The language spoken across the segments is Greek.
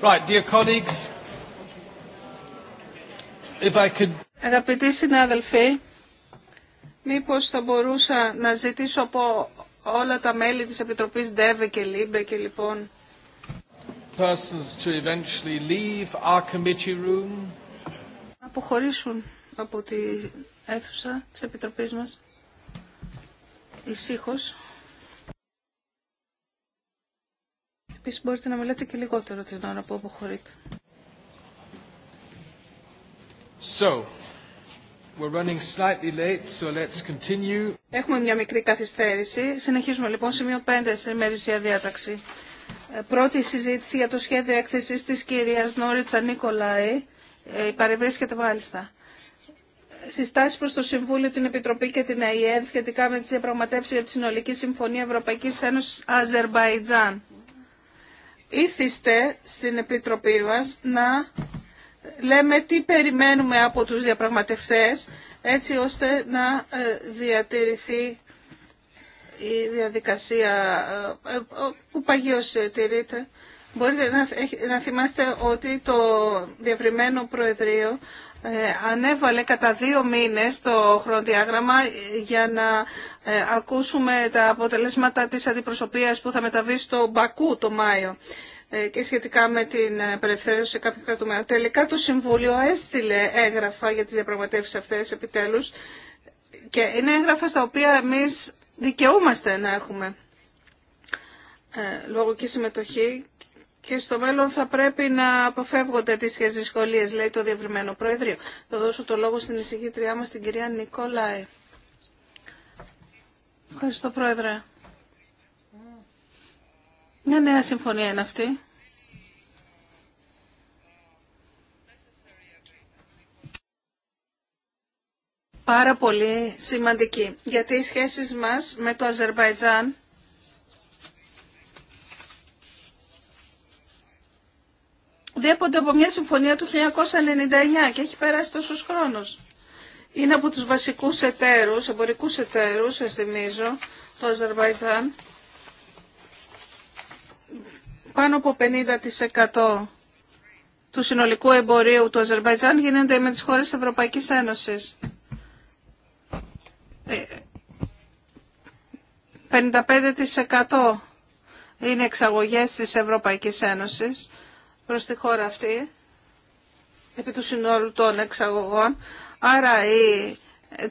Right, Αγαπητοί συνάδελφοι, μήπως θα μπορούσα να ζητήσω από όλα τα μέλη της Επιτροπής ΔΕΒΕ και ΛΥΜΠΕ και λοιπόν persons to eventually leave our committee room. Να αποχωρήσουν από τη αίθουσα της Επιτροπής μας ησύχως. Επίσης μπορείτε να μιλάτε και λιγότερο την ώρα που αποχωρείτε. So, we're running slightly late, so let's continue. Έχουμε μια μικρή καθυστέρηση. Συνεχίζουμε λοιπόν σημείο 5 στην ημερησία διάταξη. Ε, πρώτη συζήτηση για το σχέδιο έκθεσης της κυρίας Νόριτσα Νίκολαη. Ε, παρευρίσκεται μάλιστα συστάσει προ το Συμβούλιο, την Επιτροπή και την ΑΕΔ σχετικά με τι διαπραγματεύσει για τη Συνολική Συμφωνία Ευρωπαϊκή Ένωση Αζερβαϊτζάν ήθιστε στην Επιτροπή μας να λέμε τι περιμένουμε από τους διαπραγματευτές έτσι ώστε να ε, διατηρηθεί η διαδικασία ε, ε, που παγίως τηρείται. Μπορείτε να θυμάστε ότι το διαβριμένο Προεδρείο ε, ανέβαλε κατά δύο μήνες το χρονοδιάγραμμα για να ε, ακούσουμε τα αποτελέσματα της αντιπροσωπείας που θα μεταβεί στο Μπακού το Μάιο ε, και σχετικά με την απελευθέρωση κάποιου κρατουμένων. Τελικά το Συμβούλιο έστειλε έγγραφα για τις διαπραγματεύσεις αυτές επιτέλους και είναι έγγραφα στα οποία εμείς δικαιούμαστε να έχουμε λόγω και συμμετοχή και στο μέλλον θα πρέπει να αποφεύγονται τις δυσκολίε, λέει το διευρυμένο Προεδρείο. Θα δώσω το λόγο στην εισηγήτριά μας, την κυρία Νικόλαη. Ευχαριστώ, Πρόεδρε. Μια νέα συμφωνία είναι αυτή. Πάρα πολύ σημαντική, γιατί οι σχέσεις μας με το Αζερβαϊτζάν διέπονται από μια συμφωνία του 1999 και έχει περάσει τόσους χρόνους. Είναι από τους βασικούς εταίρους, εμπορικούς εταίρους, σας θυμίζω, το Αζερβαϊτζάν. Πάνω από 50% του συνολικού εμπορίου του Αζερβαϊτζάν γίνονται με τις χώρες της Ευρωπαϊκής Ένωσης. 55% ε, είναι εξαγωγές της Ευρωπαϊκής Ένωσης προς τη χώρα αυτή, επί του συνόλου των εξαγωγών. Άρα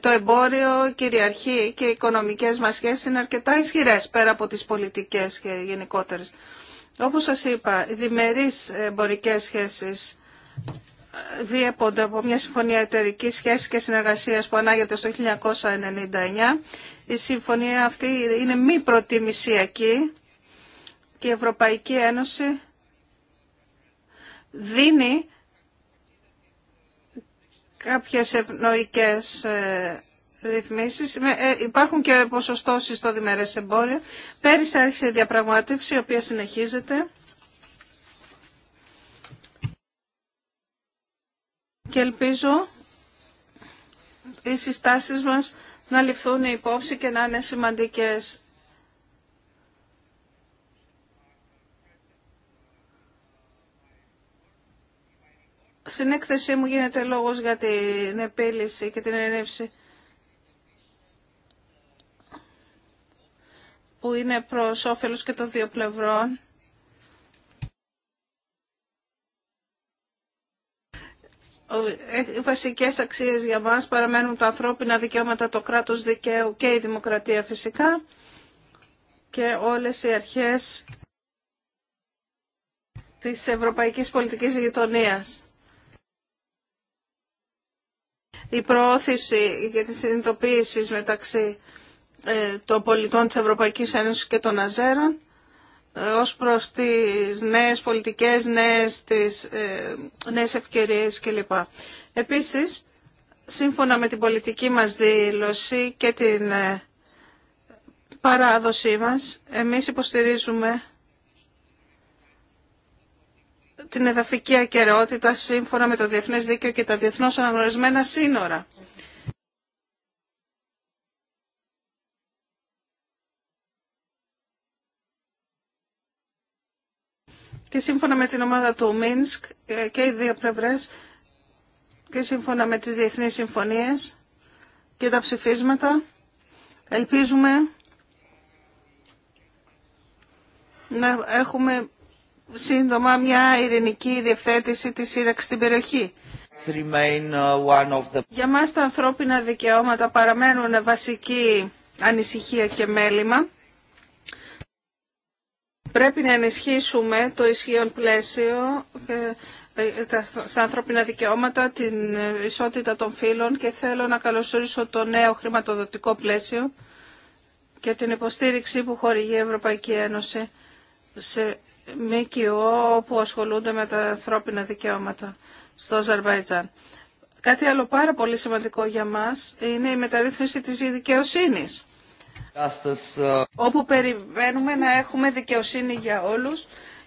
το εμπόριο κυριαρχεί και οι οικονομικές μας σχέσεις είναι αρκετά ισχυρές πέρα από τις πολιτικές και γενικότερες. Όπως σας είπα, οι διμερείς εμπορικές σχέσεις ε, διέπονται από μια συμφωνία εταιρική σχέσης και συνεργασίας που ανάγεται στο 1999. Η συμφωνία αυτή είναι μη προτιμησιακή και η Ευρωπαϊκή Ένωση δίνει κάποιες ευνοϊκές ε, ρυθμίσεις. Ε, υπάρχουν και ποσοστώσεις στο διμερές εμπόριο. Πέρυσι άρχισε η διαπραγμάτευση, η οποία συνεχίζεται. Και ελπίζω οι συστάσεις μας να ληφθούν υπόψη και να είναι σημαντικές στην έκθεσή μου γίνεται λόγος για την επίλυση και την έρευση που είναι προς όφελος και των δύο πλευρών. Ε, οι βασικές αξίες για μας παραμένουν τα ανθρώπινα δικαιώματα, το κράτος δικαίου και η δημοκρατία φυσικά και όλες οι αρχές της ευρωπαϊκής πολιτικής γειτονίας η προώθηση και τη συνειδητοποίηση μεταξύ ε, των πολιτών της Ευρωπαϊκής Ένωσης και των Αζέρων ε, ως προς τις νέες πολιτικές, νέες, τις, ε, νέες ευκαιρίες κλπ. Επίσης, σύμφωνα με την πολιτική μας δήλωση και την παράδοσή μας, εμείς υποστηρίζουμε την εδαφική ακαιρεότητα σύμφωνα με το διεθνές δίκαιο και τα διεθνώς αναγνωρισμένα σύνορα. Και σύμφωνα με την ομάδα του Μίνσκ ε, και οι δύο πλευρές και σύμφωνα με τις διεθνείς συμφωνίες και τα ψηφίσματα ελπίζουμε να έχουμε σύντομα μια ειρηνική διευθέτηση της σύραξης στην περιοχή. Uh, Για μας τα ανθρώπινα δικαιώματα παραμένουν βασική ανησυχία και μέλημα. Πρέπει να ενισχύσουμε το ισχύον πλαίσιο ε, ε, στα ανθρώπινα δικαιώματα, την ισότητα των φύλων και θέλω να καλωσορίσω το νέο χρηματοδοτικό πλαίσιο και την υποστήριξη που χορηγεί η Ευρωπαϊκή Ένωση σε ΜΚΟ που ασχολούνται με τα ανθρώπινα δικαιώματα στο Αζερβαϊτζάν. Κάτι άλλο πάρα πολύ σημαντικό για μας είναι η μεταρρύθμιση της δικαιοσύνης. Όπου περιμένουμε να έχουμε δικαιοσύνη για όλους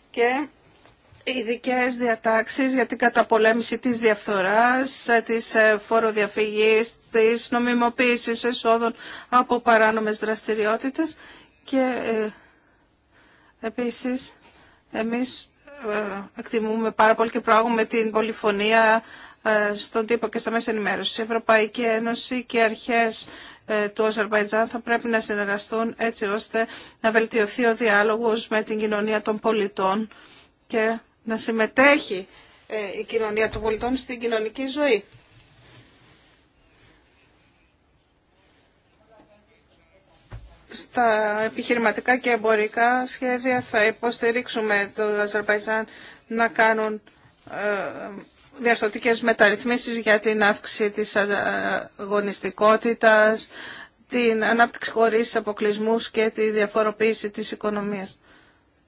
και ειδικέ διατάξεις για την καταπολέμηση της διαφθοράς, της ε, φοροδιαφυγής, της νομιμοποίησης εσόδων από παράνομες δραστηριότητες και ε, επίσης εμείς ε, εκτιμούμε πάρα πολύ και προάγουμε την πολυφωνία ε, στον τύπο και στα μέσα ενημέρωση. Η Ευρωπαϊκή Ένωση και οι αρχές ε, του Αζερβαϊτζάν θα πρέπει να συνεργαστούν έτσι ώστε να βελτιωθεί ο διάλογος με την κοινωνία των πολιτών και να συμμετέχει η κοινωνία των πολιτών στην κοινωνική ζωή. στα επιχειρηματικά και εμπορικά σχέδια θα υποστηρίξουμε το Αζερβαϊτζάν να κάνουν ε, διαρθωτικές μεταρρυθμίσεις για την αύξηση της αγωνιστικότητας, την ανάπτυξη χωρίς αποκλεισμούς και τη διαφοροποίηση της οικονομίας.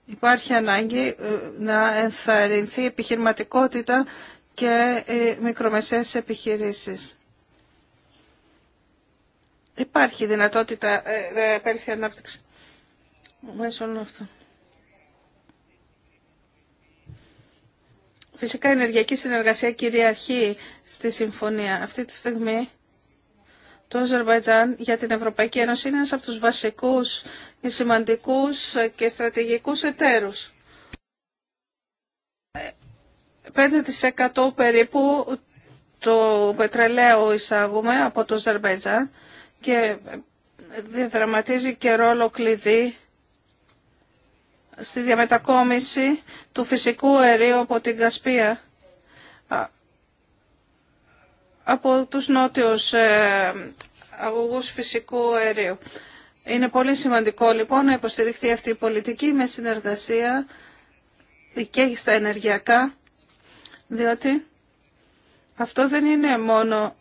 Υπάρχει ανάγκη ε, να ενθαρρυνθεί επιχειρηματικότητα και ε, μικρομεσαίες επιχειρήσεις. Υπάρχει δυνατότητα ε, επέλθει ανάπτυξη μέσω Φυσικά η ενεργειακή συνεργασία κυριαρχεί στη συμφωνία. Αυτή τη στιγμή το Αζερβαϊτζάν για την Ευρωπαϊκή Ένωση είναι ένας από τους βασικούς, σημαντικούς και στρατηγικούς εταίρους. 5% περίπου το πετρελαίο εισάγουμε από το Αζερβαϊτζάν και διαδραματίζει και ρόλο κλειδί στη διαμετακόμιση του φυσικού αερίου από την Κασπία από τους νότιους ε, αγωγούς φυσικού αερίου. Είναι πολύ σημαντικό λοιπόν να υποστηριχθεί αυτή η πολιτική με συνεργασία και στα ενεργειακά, διότι αυτό δεν είναι μόνο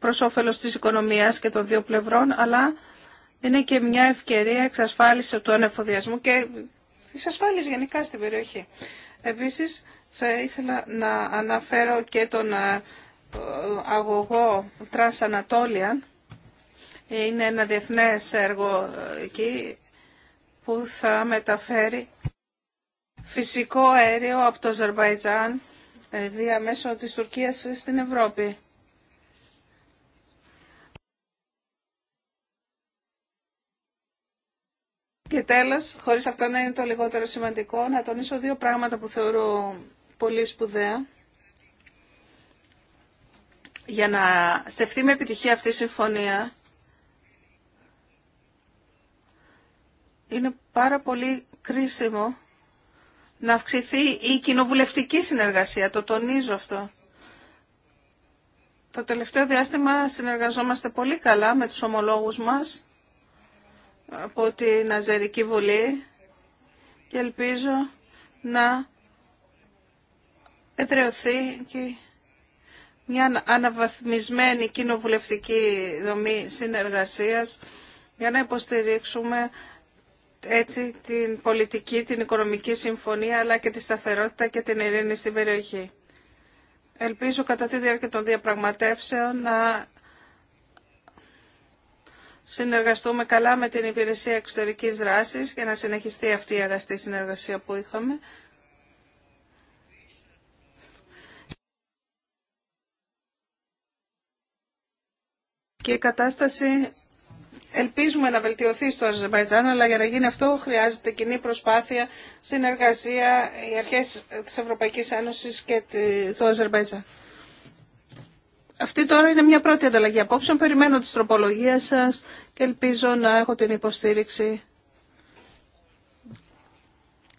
προς όφελος της οικονομίας και των δύο πλευρών, αλλά είναι και μια ευκαιρία εξασφάλιση του ανεφοδιασμού και της ασφάλειας γενικά στην περιοχή. Επίσης, θα ήθελα να αναφέρω και τον ε, αγωγό Trans Anatolian. Είναι ένα διεθνές έργο ε, εκεί που θα μεταφέρει φυσικό αέριο από το Αζερβαϊτζάν ε, διαμέσω της Τουρκίας στην Ευρώπη. Και τέλος, χωρίς αυτό να είναι το λιγότερο σημαντικό, να τονίσω δύο πράγματα που θεωρώ πολύ σπουδαία. Για να στεφτεί με επιτυχία αυτή η συμφωνία, είναι πάρα πολύ κρίσιμο να αυξηθεί η κοινοβουλευτική συνεργασία. Το τονίζω αυτό. Το τελευταίο διάστημα συνεργαζόμαστε πολύ καλά με τους ομολόγους μας από την Αζερική Βουλή και ελπίζω να εδραιωθεί και μια αναβαθμισμένη κοινοβουλευτική δομή συνεργασίας για να υποστηρίξουμε έτσι την πολιτική, την οικονομική συμφωνία αλλά και τη σταθερότητα και την ειρήνη στην περιοχή. Ελπίζω κατά τη διάρκεια των διαπραγματεύσεων να συνεργαστούμε καλά με την Υπηρεσία Εξωτερικής Δράσης για να συνεχιστεί αυτή η αγαστή συνεργασία που είχαμε. Και η κατάσταση ελπίζουμε να βελτιωθεί στο Αζερβαϊτζάν, αλλά για να γίνει αυτό χρειάζεται κοινή προσπάθεια, συνεργασία, οι αρχές της Ευρωπαϊκής Ένωσης και του Αζερβαϊτζάν. Αυτή τώρα είναι μια πρώτη ανταλλαγή απόψεων. Περιμένω τις τροπολογίες σας και ελπίζω να έχω την υποστήριξη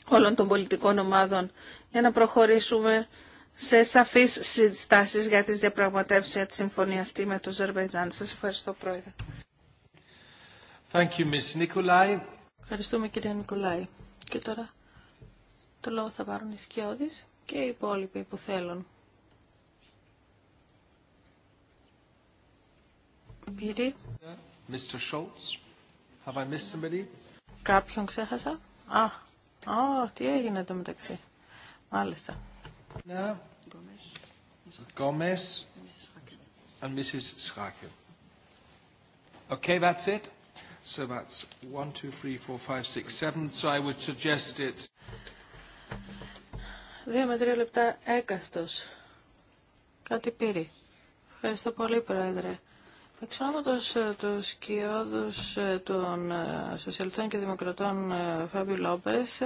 όλων των πολιτικών ομάδων για να προχωρήσουμε σε σαφείς συστάσεις για τις διαπραγματεύσεις για τη συμφωνία αυτή με το Ζερβαϊτζάν. Σας ευχαριστώ Πρόεδρε. Ευχαριστούμε κυρία Νικολάη. Και τώρα το λόγο θα πάρουν οι σκιώδεις και οι υπόλοιποι που θέλουν. Κάποιον ξέχασα. Α, τι έγινε το μεταξύ. Μάλιστα. Γκόμες. Δύο με τρία λεπτά έκαστος. Κάτι πήρε. Ευχαριστώ πολύ, Πρόεδρε. Εξ ε, του ε, των ε, Σοσιαλιστών και Δημοκρατών Φάμπι Λόπες,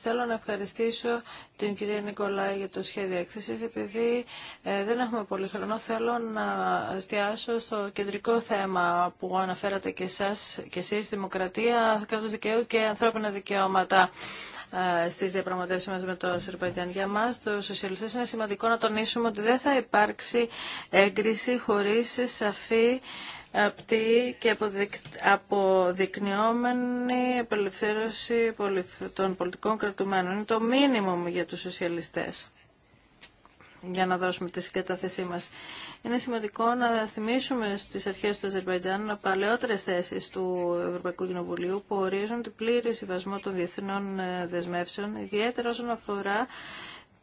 Θέλω να ευχαριστήσω την κυρία Νικολάη για το σχέδιο έκθεση. Επειδή δεν έχουμε πολύ χρόνο, θέλω να εστιάσω στο κεντρικό θέμα που αναφέρατε και εσά και εσεί, δημοκρατία, κράτο δικαίου και ανθρώπινα δικαιώματα. Ε, Στι διαπραγματεύσει μας με το Αζερβαϊτζάν. Για μας, τους σοσιαλιστέ είναι σημαντικό να τονίσουμε ότι δεν θα υπάρξει έγκριση χωρίς σαφή απτή και αποδεικνυόμενη απελευθέρωση των πολιτικών κρατουμένων. Είναι το μήνυμο για τους σοσιαλιστές για να δώσουμε τη συγκατάθεσή μας. Είναι σημαντικό να θυμίσουμε στις αρχές του Αζερβαϊτζάν παλαιότερες θέσεις του Ευρωπαϊκού Κοινοβουλίου που ορίζουν την πλήρη συμβασμό των διεθνών ε, δεσμεύσεων, ιδιαίτερα όσον αφορά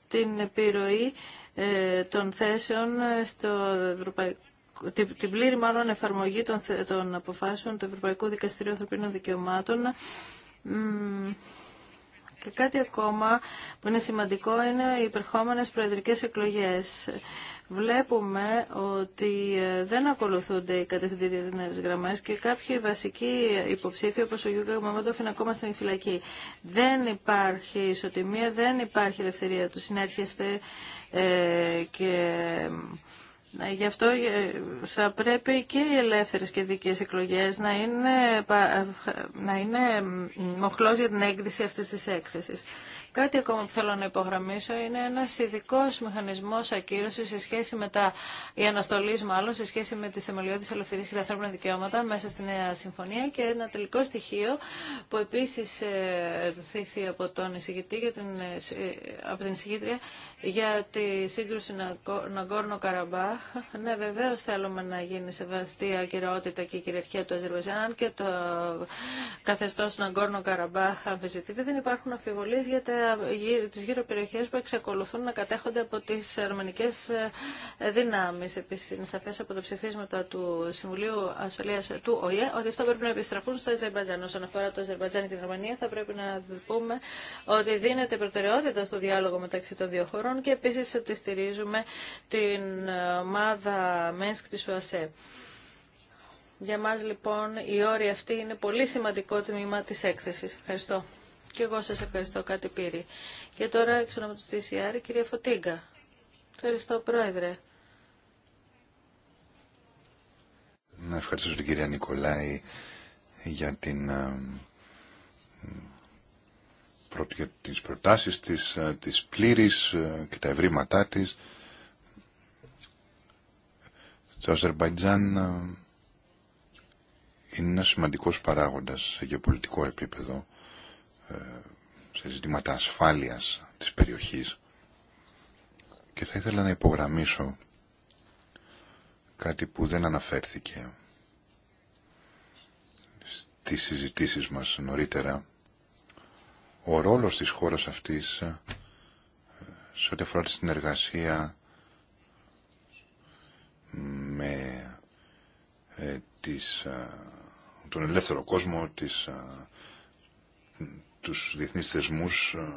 την επιρροή ε, των θέσεων ε, στο την πλήρη εφαρμογή των, των αποφάσεων του Ευρωπαϊκού Δικαστηρίου Ανθρωπίνων Δικαιωμάτων και κάτι ακόμα που είναι σημαντικό είναι οι υπερχόμενες προεδρικές εκλογές. Βλέπουμε ότι ε, δεν ακολουθούνται οι κατευθυντήριες νέες γραμμές και κάποιοι βασικοί υποψήφοι όπως ο Γιούγκα Μαμόντοφ είναι ακόμα στην φυλακή. Δεν υπάρχει ισοτιμία, δεν υπάρχει ελευθερία του. Συνέρχεστε ε, και ε, γι' αυτό ε, θα πρέπει και οι ελεύθερες και δικές εκλογές να είναι, ε, να είναι μοχλός για την έγκριση αυτής της έκθεσης. Κάτι ακόμα που θέλω να υπογραμμίσω είναι ένα ειδικό μηχανισμό ακύρωση σε σχέση με τα, η αναστολή μάλλον, σε σχέση με τι θεμελιώδει ελευθερίε και τα ανθρώπινα δικαιώματα μέσα στη Νέα Συμφωνία και ένα τελικό στοιχείο που επίση ε, θύχθη από τον εισηγητή, για την, ε, ε, από την εισηγήτρια για τη σύγκρουση Ναγκόρνο Καραμπάχ. Ναι, βεβαίω θέλουμε να γίνει σεβαστή η ακυρεότητα και η κυριαρχία του Αζερβαϊτζάν, και το καθεστώ του Ναγκόρνο Καραμπάχ αμφισβητείται, δεν υπάρχουν για τα τις γύρω περιοχές που εξακολουθούν να κατέχονται από τις αρμενικές ε, δυνάμεις. Επίσης, είναι σαφές από τα ψηφίσματα του Συμβουλίου Ασφαλείας του ΟΗΕ ότι αυτό πρέπει να επιστραφούν στο Αζερμπαϊτζάν. Όσον αφορά το Αζερμπαϊτζάν και την Ρωμανία, θα πρέπει να πούμε ότι δίνεται προτεραιότητα στο διάλογο μεταξύ των δύο χωρών και επίσης ότι στηρίζουμε την ομάδα ΜΕΝΣΚ της ΟΑΣΕ. Για μας λοιπόν η όρη αυτή είναι πολύ σημαντικό τμήμα της έκθεσης. Ευχαριστώ. Και εγώ σας ευχαριστώ κάτι πήρη. Και τώρα εξ ονόματος της κυρία Φωτίγκα. Ευχαριστώ πρόεδρε. Να ευχαριστήσω την κυρία Νικολάη για την ε, για τις προτάσεις της, ε, της πλήρης ε, και τα ευρήματά της. Το Αζερμπαϊτζάν είναι ένας σημαντικός παράγοντας σε γεωπολιτικό επίπεδο. Ε, σε ζητήματα ασφάλειας της περιοχής και θα ήθελα να υπογραμμίσω κάτι που δεν αναφέρθηκε στις συζητήσεις μας νωρίτερα ο ρόλος της χώρας αυτής ε, σε ό,τι αφορά τη συνεργασία με ε, τον ελεύθερο κόσμο, τις, τους διεθνείς θεσμούς ε,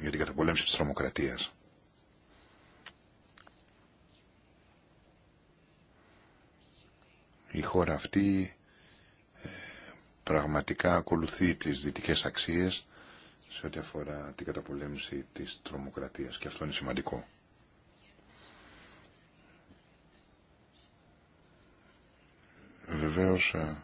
για την καταπολέμηση της τρομοκρατίας. Η χώρα αυτή ε, πραγματικά ακολουθεί τις δυτικές αξίες σε ό,τι αφορά την καταπολέμηση της τρομοκρατίας και αυτό είναι σημαντικό. Βεβαίως ε,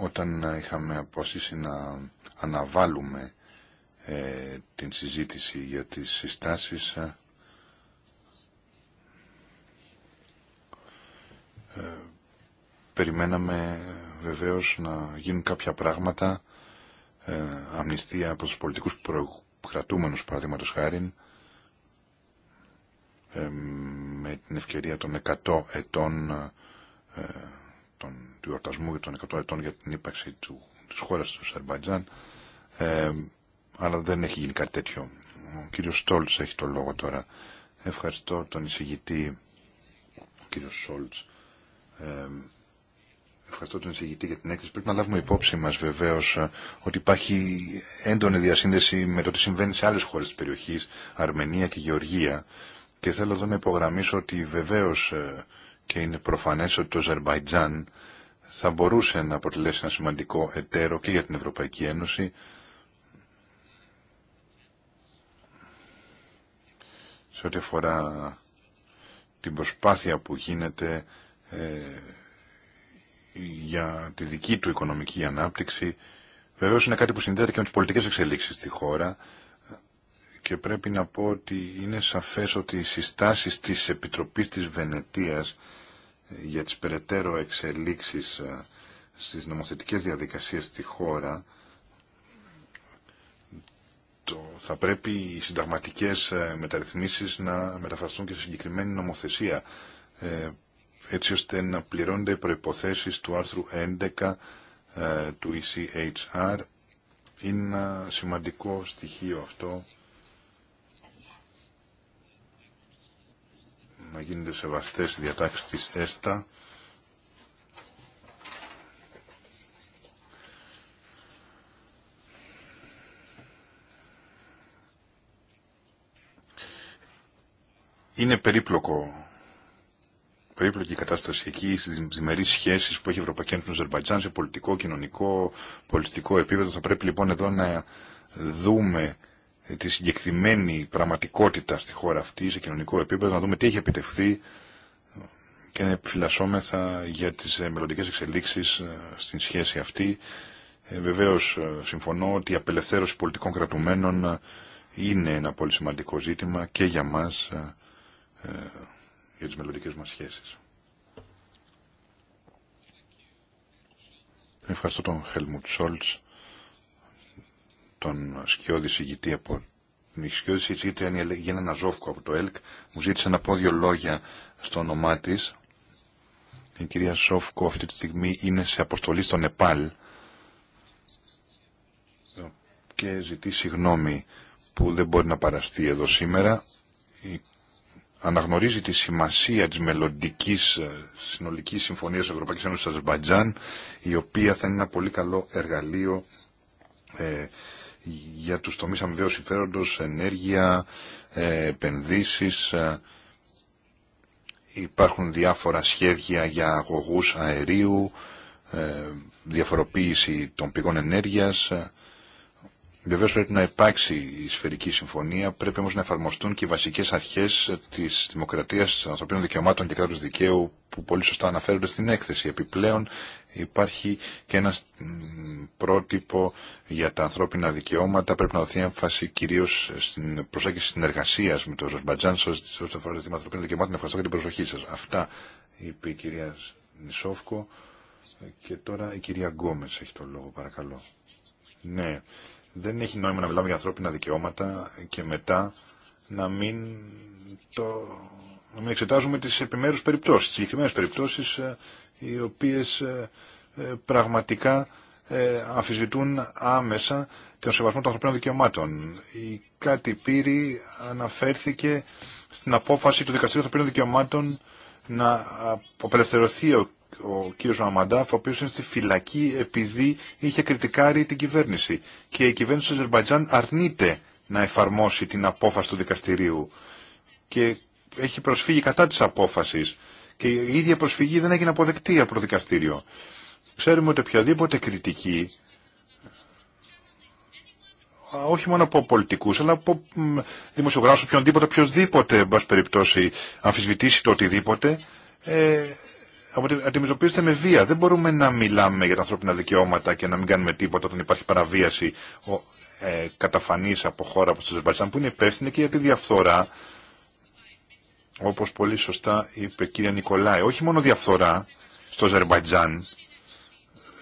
όταν είχαμε αποφασίσει να αναβάλουμε ε, την συζήτηση για τις συστάσεις ε, ε, περιμέναμε βεβαίως να γίνουν κάποια πράγματα ε, αμνηστία από τους πολιτικούς προκρατούμενους παραδείγματος χάρη με την ευκαιρία των 100 ετών των του εορτασμού για των 100 ετών για την ύπαρξη του, χώρα του Αζερμπαϊτζάν, ε, αλλά δεν έχει γίνει κάτι τέτοιο. Ο κύριος Στόλτς έχει το λόγο τώρα. Ευχαριστώ τον εισηγητή ο Σόλτς ε, Ευχαριστώ τον εισηγητή για την έκθεση. Πρέπει να λάβουμε υπόψη μα βεβαίω ε, ότι υπάρχει έντονη διασύνδεση με το τι συμβαίνει σε άλλε χώρε τη περιοχή, Αρμενία και Γεωργία. Και θέλω εδώ να υπογραμμίσω ότι βεβαίω ε, και είναι προφανέ ότι το Αζερβαϊτζάν, θα μπορούσε να αποτελέσει ένα σημαντικό εταίρο και για την Ευρωπαϊκή Ένωση σε ό,τι αφορά την προσπάθεια που γίνεται ε, για τη δική του οικονομική ανάπτυξη. Βεβαίως είναι κάτι που συνδέεται και με τις πολιτικές εξελίξεις στη χώρα και πρέπει να πω ότι είναι σαφές ότι οι συστάσεις της Επιτροπής της Βενετίας για τις περαιτέρω εξελίξεις ε, στις νομοθετικές διαδικασίες στη χώρα το, θα πρέπει οι συνταγματικές ε, μεταρρυθμίσεις να μεταφραστούν και σε συγκεκριμένη νομοθεσία ε, έτσι ώστε να πληρώνονται οι προϋποθέσεις του άρθρου 11 του ECHR είναι ένα σημαντικό στοιχείο αυτό να γίνονται σεβαστές οι διατάξεις της ΕΣΤΑ Είναι περίπλοκο περίπλοκη κατάσταση εκεί, στι διμερεί σχέσει που έχει η Ευρωπαϊκή Ένωση με τον σε πολιτικό, κοινωνικό, πολιτιστικό επίπεδο. Θα πρέπει λοιπόν εδώ να δούμε ε, τη συγκεκριμένη πραγματικότητα στη χώρα αυτή, σε κοινωνικό επίπεδο, να δούμε τι έχει επιτευχθεί και να επιφυλασσόμεθα για τις ε, μελλοντικέ εξελίξεις ε, στην σχέση αυτή. Βεβαίως συμφωνώ ότι η απελευθέρωση πολιτικών κρατουμένων είναι ένα πολύ σημαντικό ζήτημα και για μας, για τις μελλοντικέ μας σχέσεις. Ευχαριστώ τον Χέλμουτ Σόλτς τον σκιώδη συγητή από η σκιώδη γίνει ένα ζώφκο από το ΕΛΚ μου ζήτησε να πω δύο λόγια στο όνομά τη. Η κυρία Σόφκο αυτή τη στιγμή είναι σε αποστολή στο Νεπάλ και ζητεί συγγνώμη που δεν μπορεί να παραστεί εδώ σήμερα. Αναγνωρίζει τη σημασία της μελλοντική ε, συνολικής συμφωνίας Ευρωπαϊκής Ένωσης Αζερμπαϊτζάν η οποία θα είναι ένα πολύ καλό εργαλείο ε, για τους τομείς αμοιβαίου συμφέροντος, ενέργεια, ε, επενδύσεις. Ε, υπάρχουν διάφορα σχέδια για αγωγούς αερίου, ε, διαφοροποίηση των πηγών ενέργειας. Ε, βεβαίως πρέπει να υπάρξει η σφαιρική συμφωνία, πρέπει όμως να εφαρμοστούν και οι βασικές αρχές της δημοκρατίας, των ανθρωπίνων δικαιωμάτων και κράτους δικαίου που πολύ σωστά αναφέρονται στην έκθεση. Επιπλέον Υπάρχει και ένα πρότυπο για τα ανθρώπινα δικαιώματα. Πρέπει να δοθεί έμφαση κυρίω στην προσέγγιση συνεργασία με το Ροσμπατζάν, σα αφορά την ανθρωπίνα ανθρωπίνων δικαιωμάτων. Ευχαριστώ για την προσοχή σα. Αυτά είπε η κυρία Νισόφκο. Και τώρα η κυρία Γκόμε έχει το λόγο, παρακαλώ. Ναι, δεν έχει νόημα να μιλάμε για ανθρώπινα δικαιώματα και μετά να μην το να εξετάζουμε τι επιμέρους περιπτώσει, τι συγκεκριμένε περιπτώσει. Ε, οι οποίες ε, ε, πραγματικά ε, αμφισβητούν άμεσα τον σεβασμό των ανθρωπίνων δικαιωμάτων. Η Κάτι Πύρη αναφέρθηκε στην απόφαση του Δικαστήριου Ανθρωπίνων Δικαιωμάτων να απελευθερωθεί ο, ο κύριος Μαμαντάφ, ο οποίος είναι στη φυλακή επειδή είχε κριτικάρει την κυβέρνηση. Και η κυβέρνηση του Αζερμπαϊτζάν αρνείται να εφαρμόσει την απόφαση του δικαστηρίου και έχει προσφύγει κατά της απόφασης και η ίδια προσφυγή δεν έγινε αποδεκτή από το δικαστήριο. Ξέρουμε ότι οποιαδήποτε κριτική όχι μόνο από πολιτικού, αλλά από δημοσιογράφου, οποιονδήποτε, οποιοδήποτε, εν πάση περιπτώσει, αμφισβητήσει το οτιδήποτε, ε, αντιμετωπίζεται με βία. Δεν μπορούμε να μιλάμε για τα ανθρώπινα δικαιώματα και να μην κάνουμε τίποτα όταν υπάρχει παραβίαση ε, καταφανή από χώρα όπω το Ζερβαϊτζάν, που είναι υπεύθυνη και για τη διαφθορά όπως πολύ σωστά είπε κύριε Νικολάη, όχι μόνο διαφθορά στο Αζερμπαϊτζάν,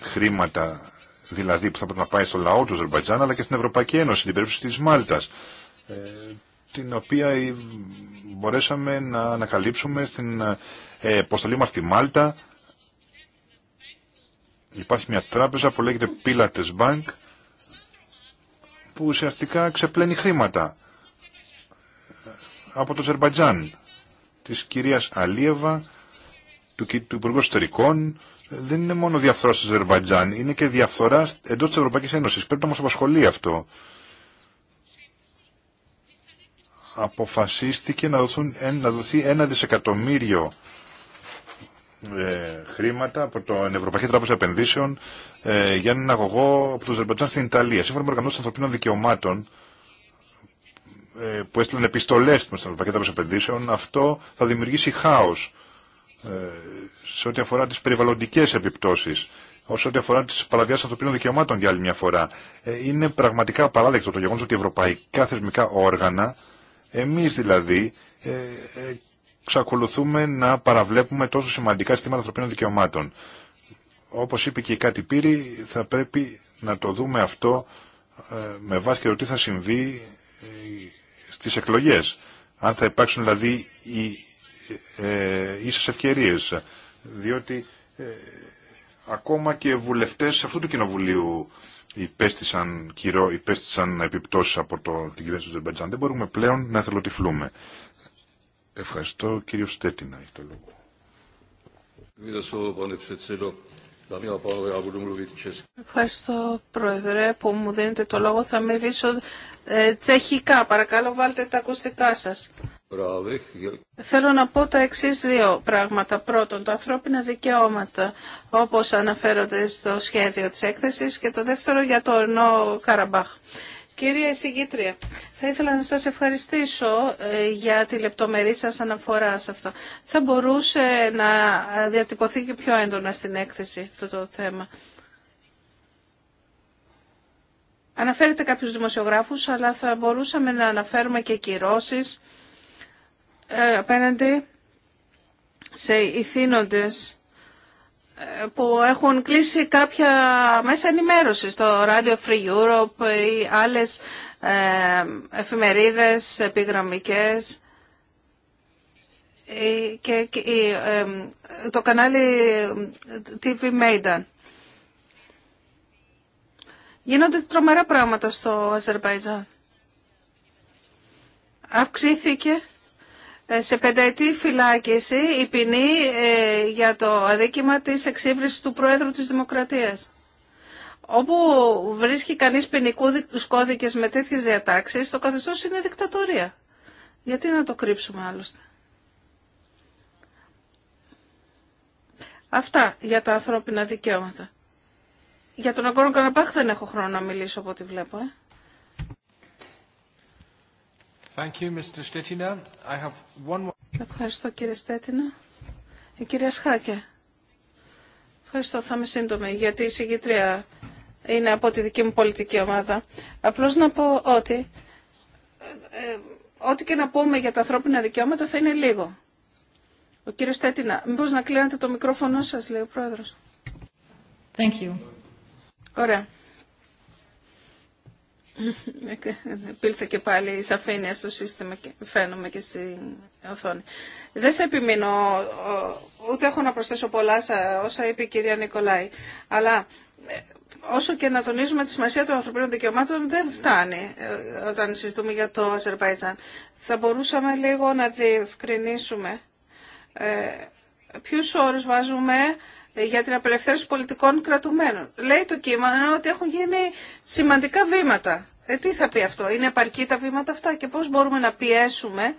χρήματα δηλαδή που θα πρέπει να πάει στο λαό του Αζερμπαϊτζάν, αλλά και στην Ευρωπαϊκή Ένωση, την περίπτωση της Μάλτας, ε, την οποία μπορέσαμε να ανακαλύψουμε στην ε, αποστολή μας στη Μάλτα. Υπάρχει μια τράπεζα που λέγεται Pilates Bank, που ουσιαστικά ξεπλένει χρήματα από το Αζερμπαϊτζάν της κυρίας Αλίεβα, του, του Υπουργού Εσωτερικών, δεν είναι μόνο διαφθορά στο Αζερβαϊτζάν, είναι και διαφθορά εντός της Ευρωπαϊκής Ένωσης. Πρέπει να μας απασχολεί αυτό. Αποφασίστηκε να, δοθούν, να δοθεί ένα δισεκατομμύριο ε, χρήματα από την Ευρωπαϊκή Τράπεζα Επενδύσεων ε, για έναν αγωγό από το Αζερβαϊτζάν στην Ιταλία. Σύμφωνα με οργανώσεις ανθρωπίνων δικαιωμάτων, ε, που έστειλαν επιστολές στην πακέτα Τράπεζα Επενδύσεων, αυτό θα δημιουργήσει χάος ε, σε ό,τι αφορά τις περιβαλλοντικές επιπτώσεις, σε ό,τι αφορά τις παραβιάσεις ανθρωπίνων δικαιωμάτων για άλλη μια φορά. Ε, είναι πραγματικά παράδεκτο το γεγονός ότι ευρωπαϊκά θεσμικά όργανα, εμείς δηλαδή, ξακολουθούμε να παραβλέπουμε τόσο σημαντικά στήματα ανθρωπίνων δικαιωμάτων. Όπως είπε και η Κάτι Πύρη, θα πρέπει να το δούμε αυτό με βάση και το τι θα συμβεί στις εκλογές. Αν θα υπάρξουν δηλαδή οι ε, ίσες ευκαιρίες. Διότι ε, ακόμα και βουλευτές αυτού του κοινοβουλίου υπέστησαν, κυρώ, υπέστησαν επιπτώσεις από το, την κυβέρνηση του Ζερμπατζάν. Δεν μπορούμε πλέον να εθελοτυφλούμε. Ευχαριστώ. Κύριο Στέτινα για το λόγο. Ευχαριστώ Πρόεδρε που μου δίνετε το λόγο. Θα μιλήσω ε, τσεχικά. Παρακαλώ βάλτε τα ακουστικά σας. Θέλω να πω τα εξή δύο πράγματα. Πρώτον, τα ανθρώπινα δικαιώματα, όπως αναφέρονται στο σχέδιο της έκθεσης, και το δεύτερο για το Ορνό Καραμπάχ. Κύριε Εισηγήτρια, θα ήθελα να σας ευχαριστήσω ε, για τη λεπτομερή σας αναφορά σε αυτό. Θα μπορούσε να διατυπωθεί και πιο έντονα στην έκθεση αυτό το θέμα. Αναφέρεται κάποιους δημοσιογράφους, αλλά θα μπορούσαμε να αναφέρουμε και κυρώσεις ε, απέναντι σε ηθήνοντες ε, που έχουν κλείσει κάποια μέσα ενημέρωσης, το Radio Free Europe ή άλλες ε, εφημερίδες επιγραμμικές και το κανάλι TV Maidan. Γίνονται τρομερά πράγματα στο Αζερβαϊτζάν. Αυξήθηκε ε, σε πενταετή φυλάκιση η ποινή ε, για το αδίκημα της εξύβρισης του Πρόεδρου της Δημοκρατίας. Όπου βρίσκει κανείς ποινικού κώδικες με τέτοιες διατάξεις, το καθεστώς είναι δικτατορία. Γιατί να το κρύψουμε άλλωστε. Αυτά για τα ανθρώπινα δικαιώματα. Για τον Αγκόρνο Καραμπάχ δεν έχω χρόνο να μιλήσω από ό,τι βλέπω. Ε. Ευχαριστώ κύριε Στέτινα. Η κυρία Σχάκε. Ευχαριστώ, θα είμαι σύντομη, γιατί η συγκητρία είναι από τη δική μου πολιτική ομάδα. Απλώς να πω ότι ε, ε, ό,τι και να πούμε για τα ανθρώπινα δικαιώματα θα είναι λίγο. Ο κύριος Στέτινα, μήπως να κλείνετε το μικρόφωνο σας, λέει ο πρόεδρος. Thank you. Ωραία. Επήλθε και πάλι η σαφήνεια στο σύστημα και φαίνομαι και στην οθόνη. Δεν θα επιμείνω, ούτε έχω να προσθέσω πολλά όσα είπε η κυρία Νικολάη, αλλά ε, όσο και να τονίζουμε τη σημασία των ανθρωπίνων δικαιωμάτων δεν φτάνει ε, όταν συζητούμε για το Αζερβαϊτζάν. Θα μπορούσαμε λίγο να διευκρινίσουμε ε, ποιους όρους βάζουμε ε, για την απελευθέρωση πολιτικών κρατουμένων. Λέει το κείμενο ότι έχουν γίνει σημαντικά βήματα. Ε, τι θα πει αυτό, είναι επαρκή τα βήματα αυτά και πώς μπορούμε να πιέσουμε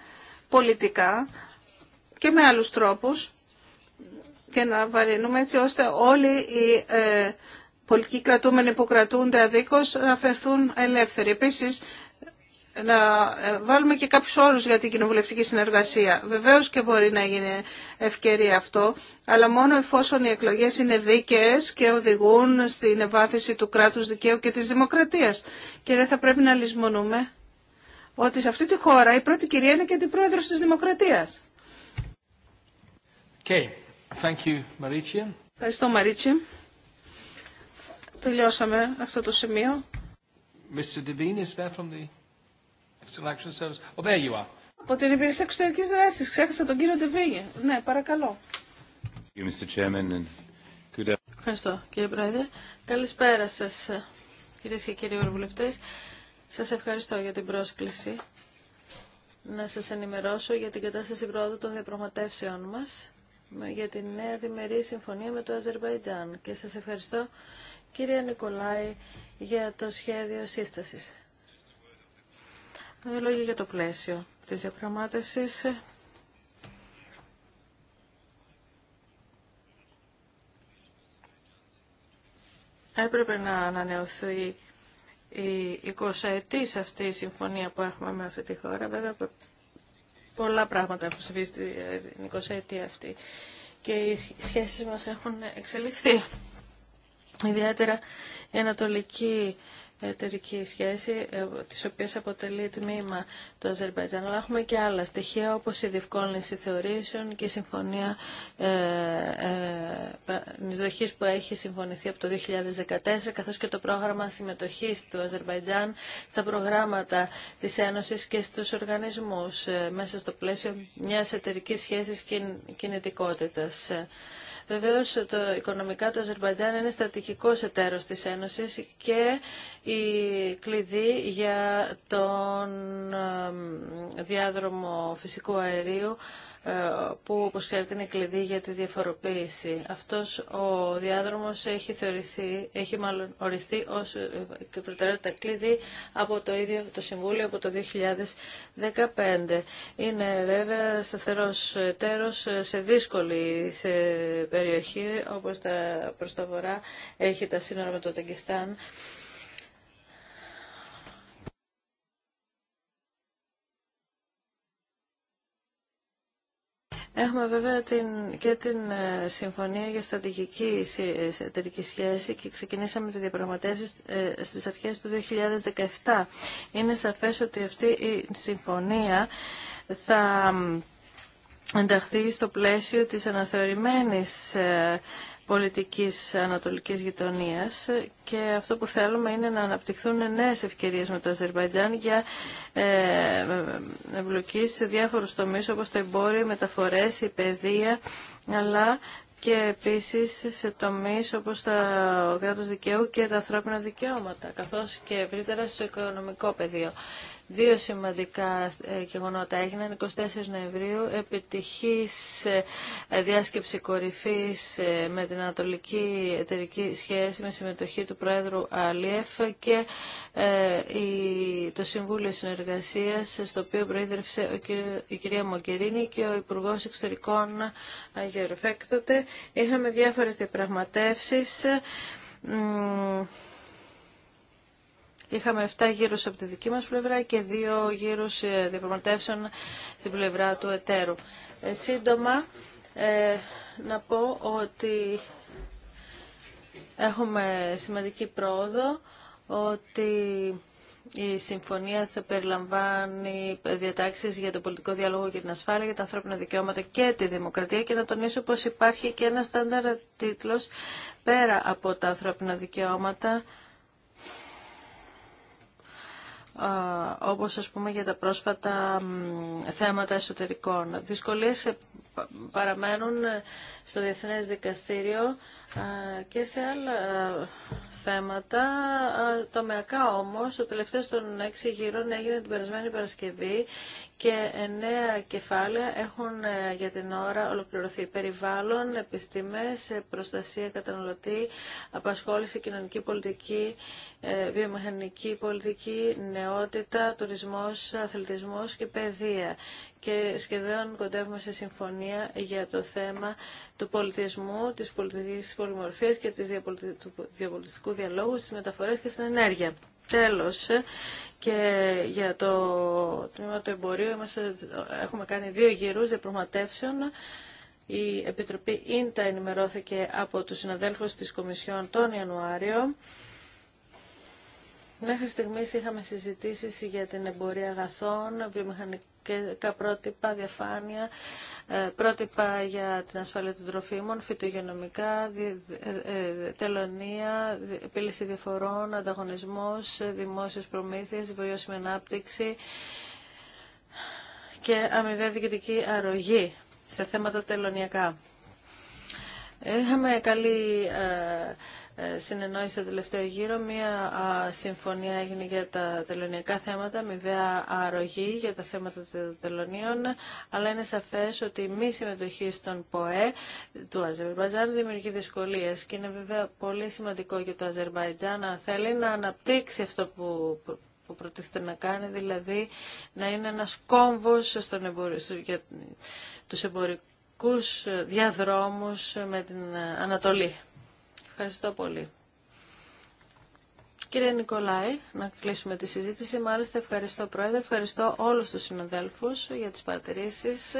πολιτικά και με άλλους τρόπους και να βαρύνουμε έτσι ώστε όλοι οι ε, πολιτικοί κρατούμενοι που κρατούνται αδίκως να φερθούν ελεύθεροι. Επίσης, να ε, βάλουμε και κάποιους όρους για την κοινοβουλευτική συνεργασία. Βεβαίως και μπορεί να γίνει ευκαιρία αυτό, αλλά μόνο εφόσον οι εκλογές είναι δίκαιες και οδηγούν στην ευάθυνση του κράτους δικαίου και της δημοκρατίας. Και δεν θα πρέπει να λησμονούμε ότι σε αυτή τη χώρα η πρώτη κυρία είναι και αντιπρόεδρος της δημοκρατίας. Okay. Thank you, Ευχαριστώ, Μαρίτσι. Τελειώσαμε αυτό το σημείο. Mr. Devine, is there from the... Oh, there you are. Από την Υπηρεσία Εξωτερική Δράση. Ξέχασα τον κύριο Ντεβίγε. Ναι, παρακαλώ. Ευχαριστώ, κύριε Πρόεδρε. Καλησπέρα σα, κυρίε και κύριοι Ευρωβουλευτέ. Σα ευχαριστώ για την πρόσκληση να σα ενημερώσω για την κατάσταση πρόοδου των διαπραγματεύσεων μα για την νέα διμερή συμφωνία με το Αζερβαϊτζάν. Και σα ευχαριστώ, κύριε Νικολάη, για το σχέδιο σύστασης. Δύο ε, λόγια για το πλαίσιο της διαπραγμάτευσης. Έπρεπε να ανανεωθεί η 20 ετής αυτή η συμφωνία που έχουμε με αυτή τη χώρα. Βέβαια πολλά πράγματα έχουν συμβεί στην 20 ετία αυτή και οι σχέσεις μας έχουν εξελιχθεί. Ιδιαίτερα η ανατολική εταιρική σχέση, ε, της οποίας αποτελεί τμήμα το Αζερβαϊτζάν. Αλλά έχουμε και άλλα στοιχεία, όπως η διευκόλυνση θεωρήσεων και η συμφωνία ε, ε που έχει συμφωνηθεί από το 2014, καθώς και το πρόγραμμα συμμετοχής του Αζερβαϊτζάν στα προγράμματα της Ένωσης και στους οργανισμούς ε, μέσα στο πλαίσιο μιας εταιρική σχέσης κιν, κινητικότητας. Βεβαίως, το, οικονομικά το Αζερβαϊτζάν είναι στρατηγικός εταίρος της Ένωσης και η κλειδί για τον διάδρομο φυσικού αερίου ε, που όπως ξέρετε είναι κλειδί για τη διαφοροποίηση. Αυτός ο διάδρομος έχει, θεωρηθεί, έχει μάλλον οριστεί ως ε, προτεραιότητα κλειδί από το ίδιο το Συμβούλιο από το 2015. Είναι βέβαια σταθερός τέρος σε δύσκολη σε περιοχή όπως τα προς τα βορρά έχει τα σύνορα με το Τεγκιστάν. Έχουμε βέβαια την, και την ε, Συμφωνία για Στρατηγική Εταιρική Σχέση και ξεκινήσαμε τη διαπραγματεύση ε, στις αρχές του 2017. Είναι σαφές ότι αυτή η συμφωνία θα ενταχθεί στο πλαίσιο της αναθεωρημένης ε, πολιτικής ανατολικής γειτονίας και αυτό που θέλουμε είναι να αναπτυχθούν νέες ευκαιρίες με το Αζερβαϊτζάν για ε, ε, εμπλοκή σε διάφορους τομείς όπως το εμπόριο, οι μεταφορές, η παιδεία αλλά και επίσης σε τομείς όπως τα κράτος δικαίου και τα ανθρώπινα δικαιώματα καθώς και ευρύτερα στο οικονομικό πεδίο. Δύο σημαντικά ε, γεγονότα έγιναν. 24 Νοεμβρίου επιτυχής ε, διάσκεψη κορυφής ε, με την Ανατολική Εταιρική Σχέση με συμμετοχή του Πρόεδρου Αλίεφ και το Συμβούλιο Συνεργασίας στο οποίο προείδρευσε η κυρία Μογκερίνη και ο Υπουργός Εξωτερικών Αγιορφέκτοτε. Είχαμε διάφορες διαπραγματεύσεις Είχαμε 7 γύρους από τη δική μας πλευρά και 2 γύρους ε, διαπραγματεύσεων στην πλευρά του εταίρου. Ε, σύντομα, ε, να πω ότι έχουμε σημαντική πρόοδο, ότι... Η συμφωνία θα περιλαμβάνει διατάξεις για το πολιτικό διάλογο και την ασφάλεια, για τα ανθρώπινα δικαιώματα και τη δημοκρατία και να τονίσω πως υπάρχει και ένα στάνταρ τίτλος πέρα από τα ανθρώπινα δικαιώματα όπως ας πούμε για τα πρόσφατα θέματα εσωτερικών. Δυσκολίες ε, παραμένουν ε, στο Διεθνές Δικαστήριο και σε άλλα ε, θέματα. Τομεακά όμως, το τελευταίο των έξι γύρων έγινε την περασμένη Παρασκευή και εννέα κεφάλαια έχουν ε, για την ώρα ολοκληρωθεί. Περιβάλλον, επιστήμες, ε, προστασία καταναλωτή, απασχόληση, κοινωνική πολιτική, ε, βιομηχανική πολιτική, νεότητα, τουρισμός, αθλητισμός και παιδεία. Και σχεδόν κοντεύουμε σε συμφωνία για το θέμα του πολιτισμού, της πολιτικής πολυμορφίας και του διαπολιτιστικού διαλόγου, στις μεταφορές και στην ενέργεια. Τέλος, ε, και για το τμήμα του εμπορίου είμαστε, έχουμε κάνει δύο γυρούς διαπραγματεύσεων. Η Επιτροπή Ίντα ενημερώθηκε από τους συναδέλφους της Κομισιόν τον Ιανουάριο. Μέχρι στιγμής είχαμε συζητήσεις για την εμπορία αγαθών, βιομηχανικά πρότυπα, διαφάνεια, ε, πρότυπα για την ασφάλεια των τροφίμων, φυτογενομικά, ε, ε, τελωνία, επίλυση διαφορών, ανταγωνισμός, δημόσιες προμήθειες, βιώσιμη ανάπτυξη και αμοιβαία διοικητική αρρωγή σε θέματα τελωνιακά. Είχαμε καλή ε, συνεννόηση το τελευταίο γύρο. Μία συμφωνία έγινε για τα τελωνιακά θέματα, μηδέα αρρωγή για τα θέματα των τελωνίων, αλλά είναι σαφές ότι η μη συμμετοχή στον ΠΟΕ του Αζερβαϊτζάν δημιουργεί δυσκολίες και είναι βέβαια πολύ σημαντικό για το Αζερβαϊτζάν να θέλει να αναπτύξει αυτό που προτίθεται να κάνει, δηλαδή να είναι ένας κόμβος στον για τους εμπορικούς διαδρόμους με την Ανατολή. Ευχαριστώ πολύ. Κύριε Νικολάη, να κλείσουμε τη συζήτηση. Μάλιστα, ευχαριστώ Πρόεδρε, ευχαριστώ όλους τους συναδέλφους για τις παρατηρήσεις.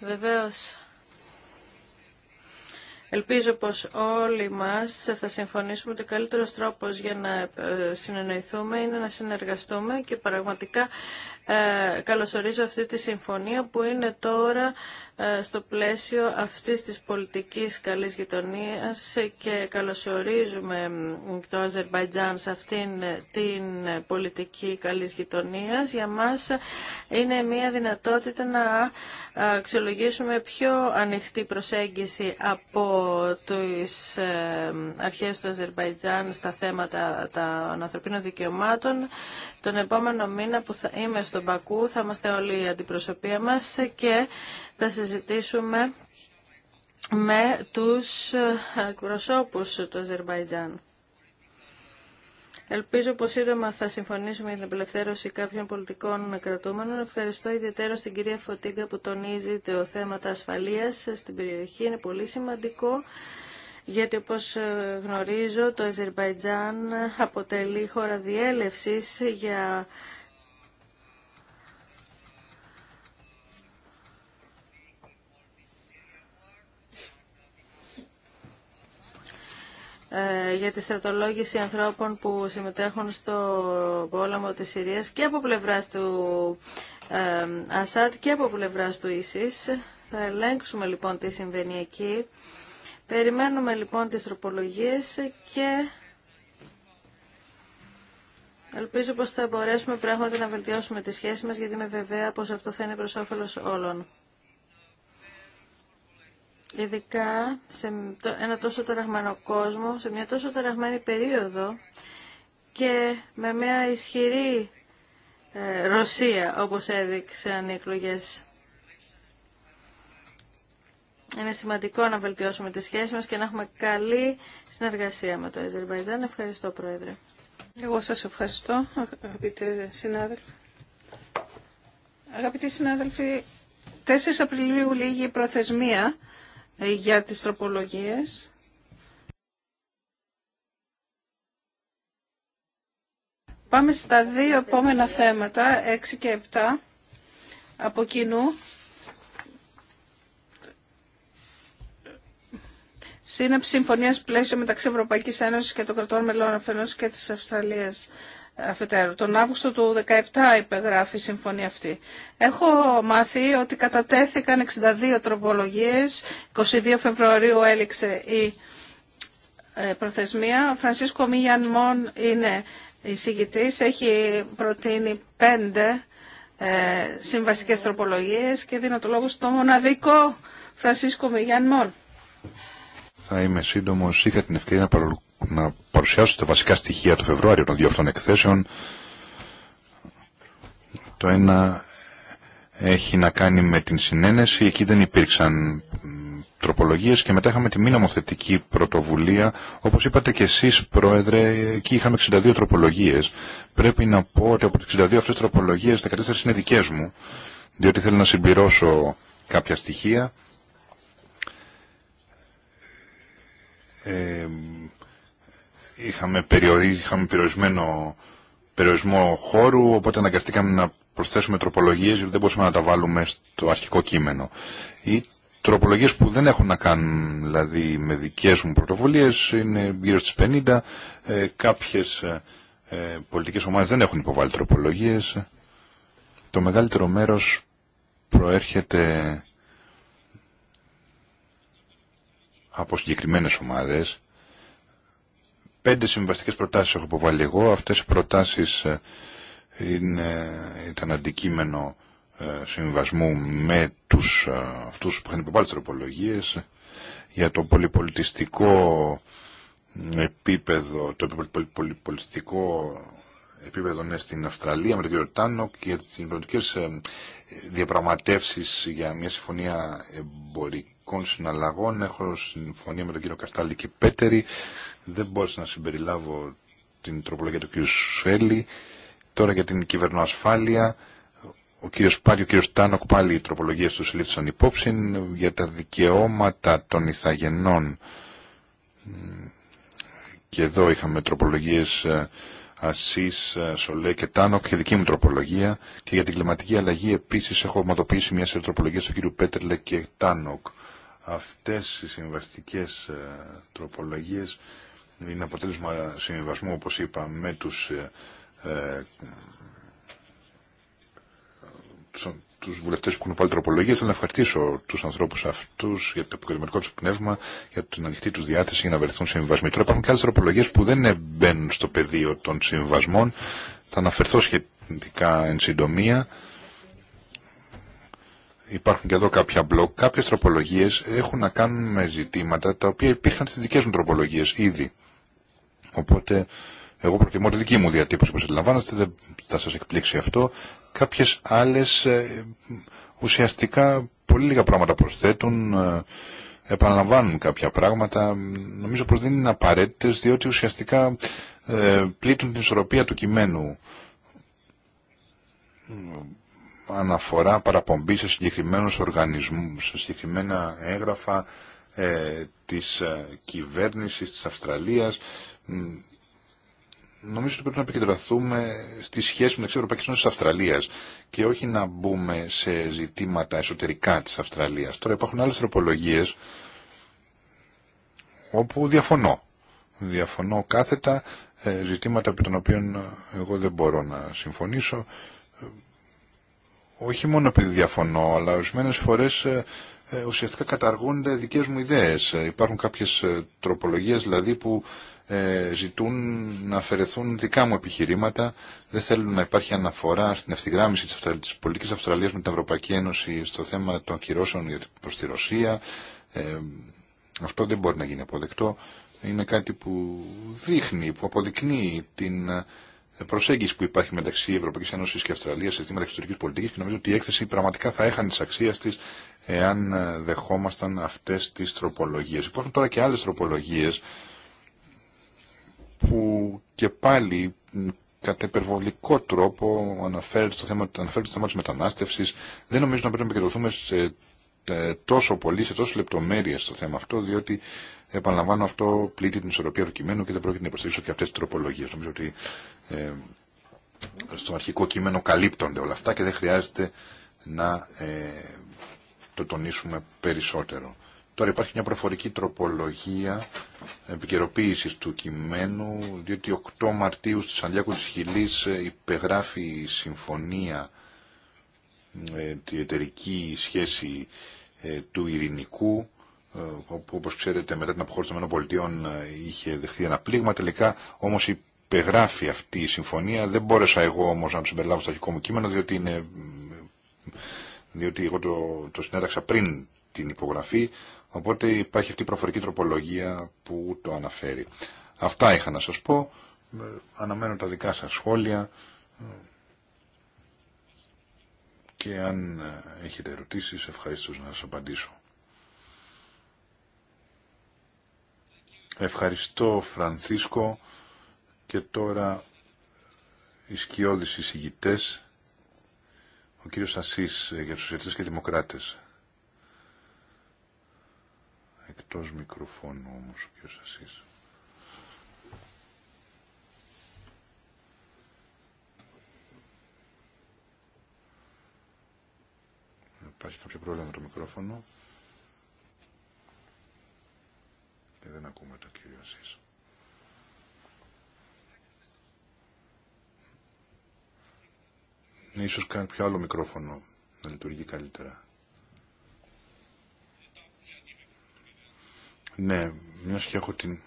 Βεβαίως, ελπίζω πως όλοι μας θα συμφωνήσουμε ότι ο καλύτερος τρόπος για να ε, συνεννοηθούμε είναι να συνεργαστούμε και πραγματικά ε, καλωσορίζω αυτή τη συμφωνία που είναι τώρα ε, στο πλαίσιο αυτής της πολιτικής καλής γειτονίας και καλωσορίζουμε το Αζερβαϊτζάν σε αυτήν την πολιτική καλής γειτονίας. Για μας είναι μια δυνατότητα να αξιολογήσουμε πιο ανοιχτή προσέγγιση από τις ε, αρχές του Αζερβαϊτζάν στα θέματα των ανθρωπίνων δικαιωμάτων. Τον επόμενο μήνα που θα είμαι στον Πακού θα είμαστε όλοι η αντιπροσωπεία μας και θα συζητήσουμε με τους ε, εκπροσώπους του Αζερβαϊτζάν. Ελπίζω πως σύντομα θα συμφωνήσουμε για την απελευθέρωση κάποιων πολιτικών κρατούμενων. Ευχαριστώ ιδιαίτερα στην κυρία Φωτίγκα που τονίζει το θέμα τα ασφαλείας στην περιοχή. Είναι πολύ σημαντικό γιατί όπως ε, γνωρίζω το Αζερβαϊτζάν αποτελεί χώρα διέλευσης για Ε, για τη στρατολόγηση ανθρώπων που συμμετέχουν στο πόλεμο της Συρίας και από πλευράς του ε, Ασάτ και από πλευράς του Ίσης. Θα ελέγξουμε λοιπόν τι συμβαίνει εκεί. Περιμένουμε λοιπόν τις τροπολογίες και ελπίζω πως θα μπορέσουμε πράγματι να βελτιώσουμε τη σχέση μας γιατί είμαι βεβαία πως αυτό θα είναι προς όφελος όλων ειδικά σε ένα τόσο τεραγμένο κόσμο, σε μια τόσο τεραγμένη περίοδο και με μια ισχυρή ε, Ρωσία, όπως έδειξαν οι Είναι σημαντικό να βελτιώσουμε τις σχέσεις μας και να έχουμε καλή συνεργασία με το Αζερβαϊτζάν. Ευχαριστώ, Πρόεδρε. Εγώ σας ευχαριστώ, αγαπητοί συνάδελφοι. Αγαπητοί συνάδελφοι, 4 Απριλίου λίγη προθεσμία ε, για τις τροπολογίες. Πάμε στα δύο επόμενα θέματα, 6 και 7, από κοινού. Σύναψη συμφωνίας πλαίσιο μεταξύ Ευρωπαϊκής Ένωσης και των κρατών μελών αφενός και της Αυστραλίας αφετέρου. Τον Αύγουστο του 2017 υπεγράφει η συμφωνία αυτή. Έχω μάθει ότι κατατέθηκαν 62 τροπολογίες, 22 Φεβρουαρίου έληξε η ε, προθεσμία. Ο Φρανσίσκο Μίγιαν Μον είναι εισηγητής, έχει προτείνει 5 ε, συμβαστικές τροπολογίες και δίνω το λόγο στο μοναδικό Φρανσίσκο Μιγιάν Μον. Θα είμαι σύντομος, Είχα την ευκαιρία να να παρουσιάσω τα βασικά στοιχεία του Φεβρουάριου των δύο αυτών εκθέσεων. Το ένα έχει να κάνει με την συνένεση, εκεί δεν υπήρξαν τροπολογίες και μετά είχαμε τη μη νομοθετική πρωτοβουλία. Όπως είπατε και εσείς Πρόεδρε, εκεί είχαμε 62 τροπολογίες. Πρέπει να πω ότι από τις 62 αυτές τροπολογίες 14 είναι δικές μου, διότι θέλω να συμπληρώσω κάποια στοιχεία. Ε, είχαμε, περιορι... είχαμε περιορισμένο περιορισμό χώρου, οπότε αναγκαστήκαμε να προσθέσουμε τροπολογίες γιατί δεν μπορούσαμε να τα βάλουμε στο αρχικό κείμενο. Οι τροπολογίες που δεν έχουν να κάνουν δηλαδή με δικές μου πρωτοβουλίες είναι γύρω στις 50. Ε, κάποιες ε, ε, πολιτικές ομάδες δεν έχουν υποβάλει τροπολογίες. Το μεγαλύτερο μέρος προέρχεται από συγκεκριμένες ομάδες Πέντε συμβαστικές προτάσεις έχω υποβάλει εγώ. Αυτές οι προτάσεις ε, είναι, ήταν αντικείμενο ε, συμβασμού με τους, ε, αυτούς που είχαν υποβάλει τροπολογίες για το πολυπολιτιστικό επίπεδο, το πολυπολιτιστικό επίπεδο ναι, στην Αυστραλία με τον κύριο Τάνο και για τις διαπραγματεύσεις για μια συμφωνία εμπορική εμπορικών συναλλαγών. Έχω συμφωνία με τον κύριο Καστάλη και Πέτερη. Δεν μπορούσα να συμπεριλάβω την τροπολογία του κύριου Σουέλη. Τώρα για την κυβερνοασφάλεια. Ο κύριος Πάρη, ο κύριος Τάνοκ πάλι οι τροπολογίες του λήφθησαν υπόψη για τα δικαιώματα των ηθαγενών. Και εδώ είχαμε τροπολογίε ε, Ασής, ε, Σολέ και Τάνοκ και δική μου τροπολογία. Και για την κλιματική αλλαγή επίσης έχω οματοποιήσει μια σε τροπολογία του κύριου Πέτερλε και Τάνοκ αυτές οι συμβαστικές ε, τροπολογίες είναι αποτέλεσμα συμβιβασμού, όπως είπα, με τους, ε, ε τους, τους βουλευτές που έχουν πάλι τροπολογίες, αλλά να ευχαριστήσω τους ανθρώπους αυτούς για το επικοινωνικό του πνεύμα, για την ανοιχτή τους διάθεση, για να βρεθούν συμβιβασμοί. Τώρα υπάρχουν και άλλες τροπολογίες που δεν μπαίνουν στο πεδίο των συμβασμών. Θα αναφερθώ σχετικά εν συντομία υπάρχουν και εδώ κάποια μπλοκ, κάποιες τροπολογίες έχουν να κάνουν με ζητήματα τα οποία υπήρχαν στις δικές μου τροπολογίες ήδη. Οπότε εγώ προτιμώ τη δική μου διατύπωση, όπως αντιλαμβάνεστε, δεν θα σας εκπλήξει αυτό. Κάποιες άλλες ε, ουσιαστικά πολύ λίγα πράγματα προσθέτουν, ε, επαναλαμβάνουν κάποια πράγματα. Νομίζω πως δεν είναι απαραίτητες, διότι ουσιαστικά ε, πλήττουν την ισορροπία του κειμένου αναφορά παραπομπή σε συγκεκριμένους οργανισμούς, σε συγκεκριμένα έγγραφα ε, της ε, κυβέρνησης της Αυστραλίας. Νομίζω ότι πρέπει να επικεντρωθούμε στη σχέση με Ευρωπαϊκής Ένωσης της Αυστραλίας και όχι να μπούμε σε ζητήματα εσωτερικά της Αυστραλίας. Τώρα υπάρχουν άλλες τροπολογίες όπου διαφωνώ. Διαφωνώ κάθετα ε, ζητήματα από των οποίων εγώ δεν μπορώ να συμφωνήσω όχι μόνο επειδή διαφωνώ, αλλά ορισμένε φορές ε, ε, ουσιαστικά καταργούνται δικές μου ιδέες. Ε, υπάρχουν κάποιες τροπολογίες δηλαδή που ζητούν να αφαιρεθούν δικά μου επιχειρήματα. Δεν θέλουν να υπάρχει αναφορά στην ευθυγράμμιση της, πολιτική της Αυστραλίας με την Ευρωπαϊκή Ένωση στο θέμα των κυρώσεων προ τη Ρωσία. αυτό δεν μπορεί να γίνει αποδεκτό. Είναι κάτι που δείχνει, που αποδεικνύει την προσέγγιση που υπάρχει μεταξύ Ευρωπαϊκή Ένωση και Αυστραλία σε θέματα εξωτερική πολιτική και νομίζω ότι η έκθεση πραγματικά θα έχανε τη αξία τη εάν ε, δεχόμασταν αυτέ τι τροπολογίε. Υπάρχουν τώρα και άλλε τροπολογίε που και πάλι κατά υπερβολικό τρόπο αναφέρεται στο θέμα, αναφέρεται στο θέμα της μετανάστευσης. Δεν νομίζω να πρέπει να επικεντρωθούμε σε, ε, τόσο πολύ, σε τόσο λεπτομέρειες στο θέμα αυτό, διότι επαναλαμβάνω αυτό πλήττει την ισορροπία του κειμένου και δεν πρόκειται να υποστηρίξω και αυτές τις τροπολογίες. Νομίζω ότι ε, στο αρχικό κείμενο καλύπτονται όλα αυτά και δεν χρειάζεται να ε, το τονίσουμε περισσότερο. Τώρα υπάρχει μια προφορική τροπολογία επικαιροποίηση του κειμένου, διότι 8 Μαρτίου στη Σαντιάκου της Χιλής ε, υπεγράφει η συμφωνία, ε, τη εταιρική σχέση ε, του ειρηνικού, ε, όπου όπως ξέρετε μετά την αποχώρηση των ΗΠΑ είχε δεχθεί ένα πλήγμα, τελικά όμως η υπεγράφει αυτή η συμφωνία. Δεν μπόρεσα εγώ όμως να το συμπεριλάβω στο αρχικό μου κείμενο διότι, είναι, διότι εγώ το, το συνέταξα πριν την υπογραφή οπότε υπάρχει αυτή η προφορική τροπολογία που το αναφέρει. Αυτά είχα να σας πω. Αναμένω τα δικά σας σχόλια και αν έχετε ερωτήσεις ευχαριστώ να σας απαντήσω. Ευχαριστώ Φρανσίσκο. Και τώρα οι σκιώδεις εισηγητές, ο κύριος Ασής ε, για τους Σοσιαλιστές και Δημοκράτες. Εκτός μικροφώνου όμως ο κύριος Ασής. Υπάρχει κάποιο πρόβλημα με το μικρόφωνο. Και δεν ακούμε το κύριο Ασίσο. Ίσως πιο άλλο μικρόφωνο να λειτουργεί καλύτερα. Ναι, μια και έχω την...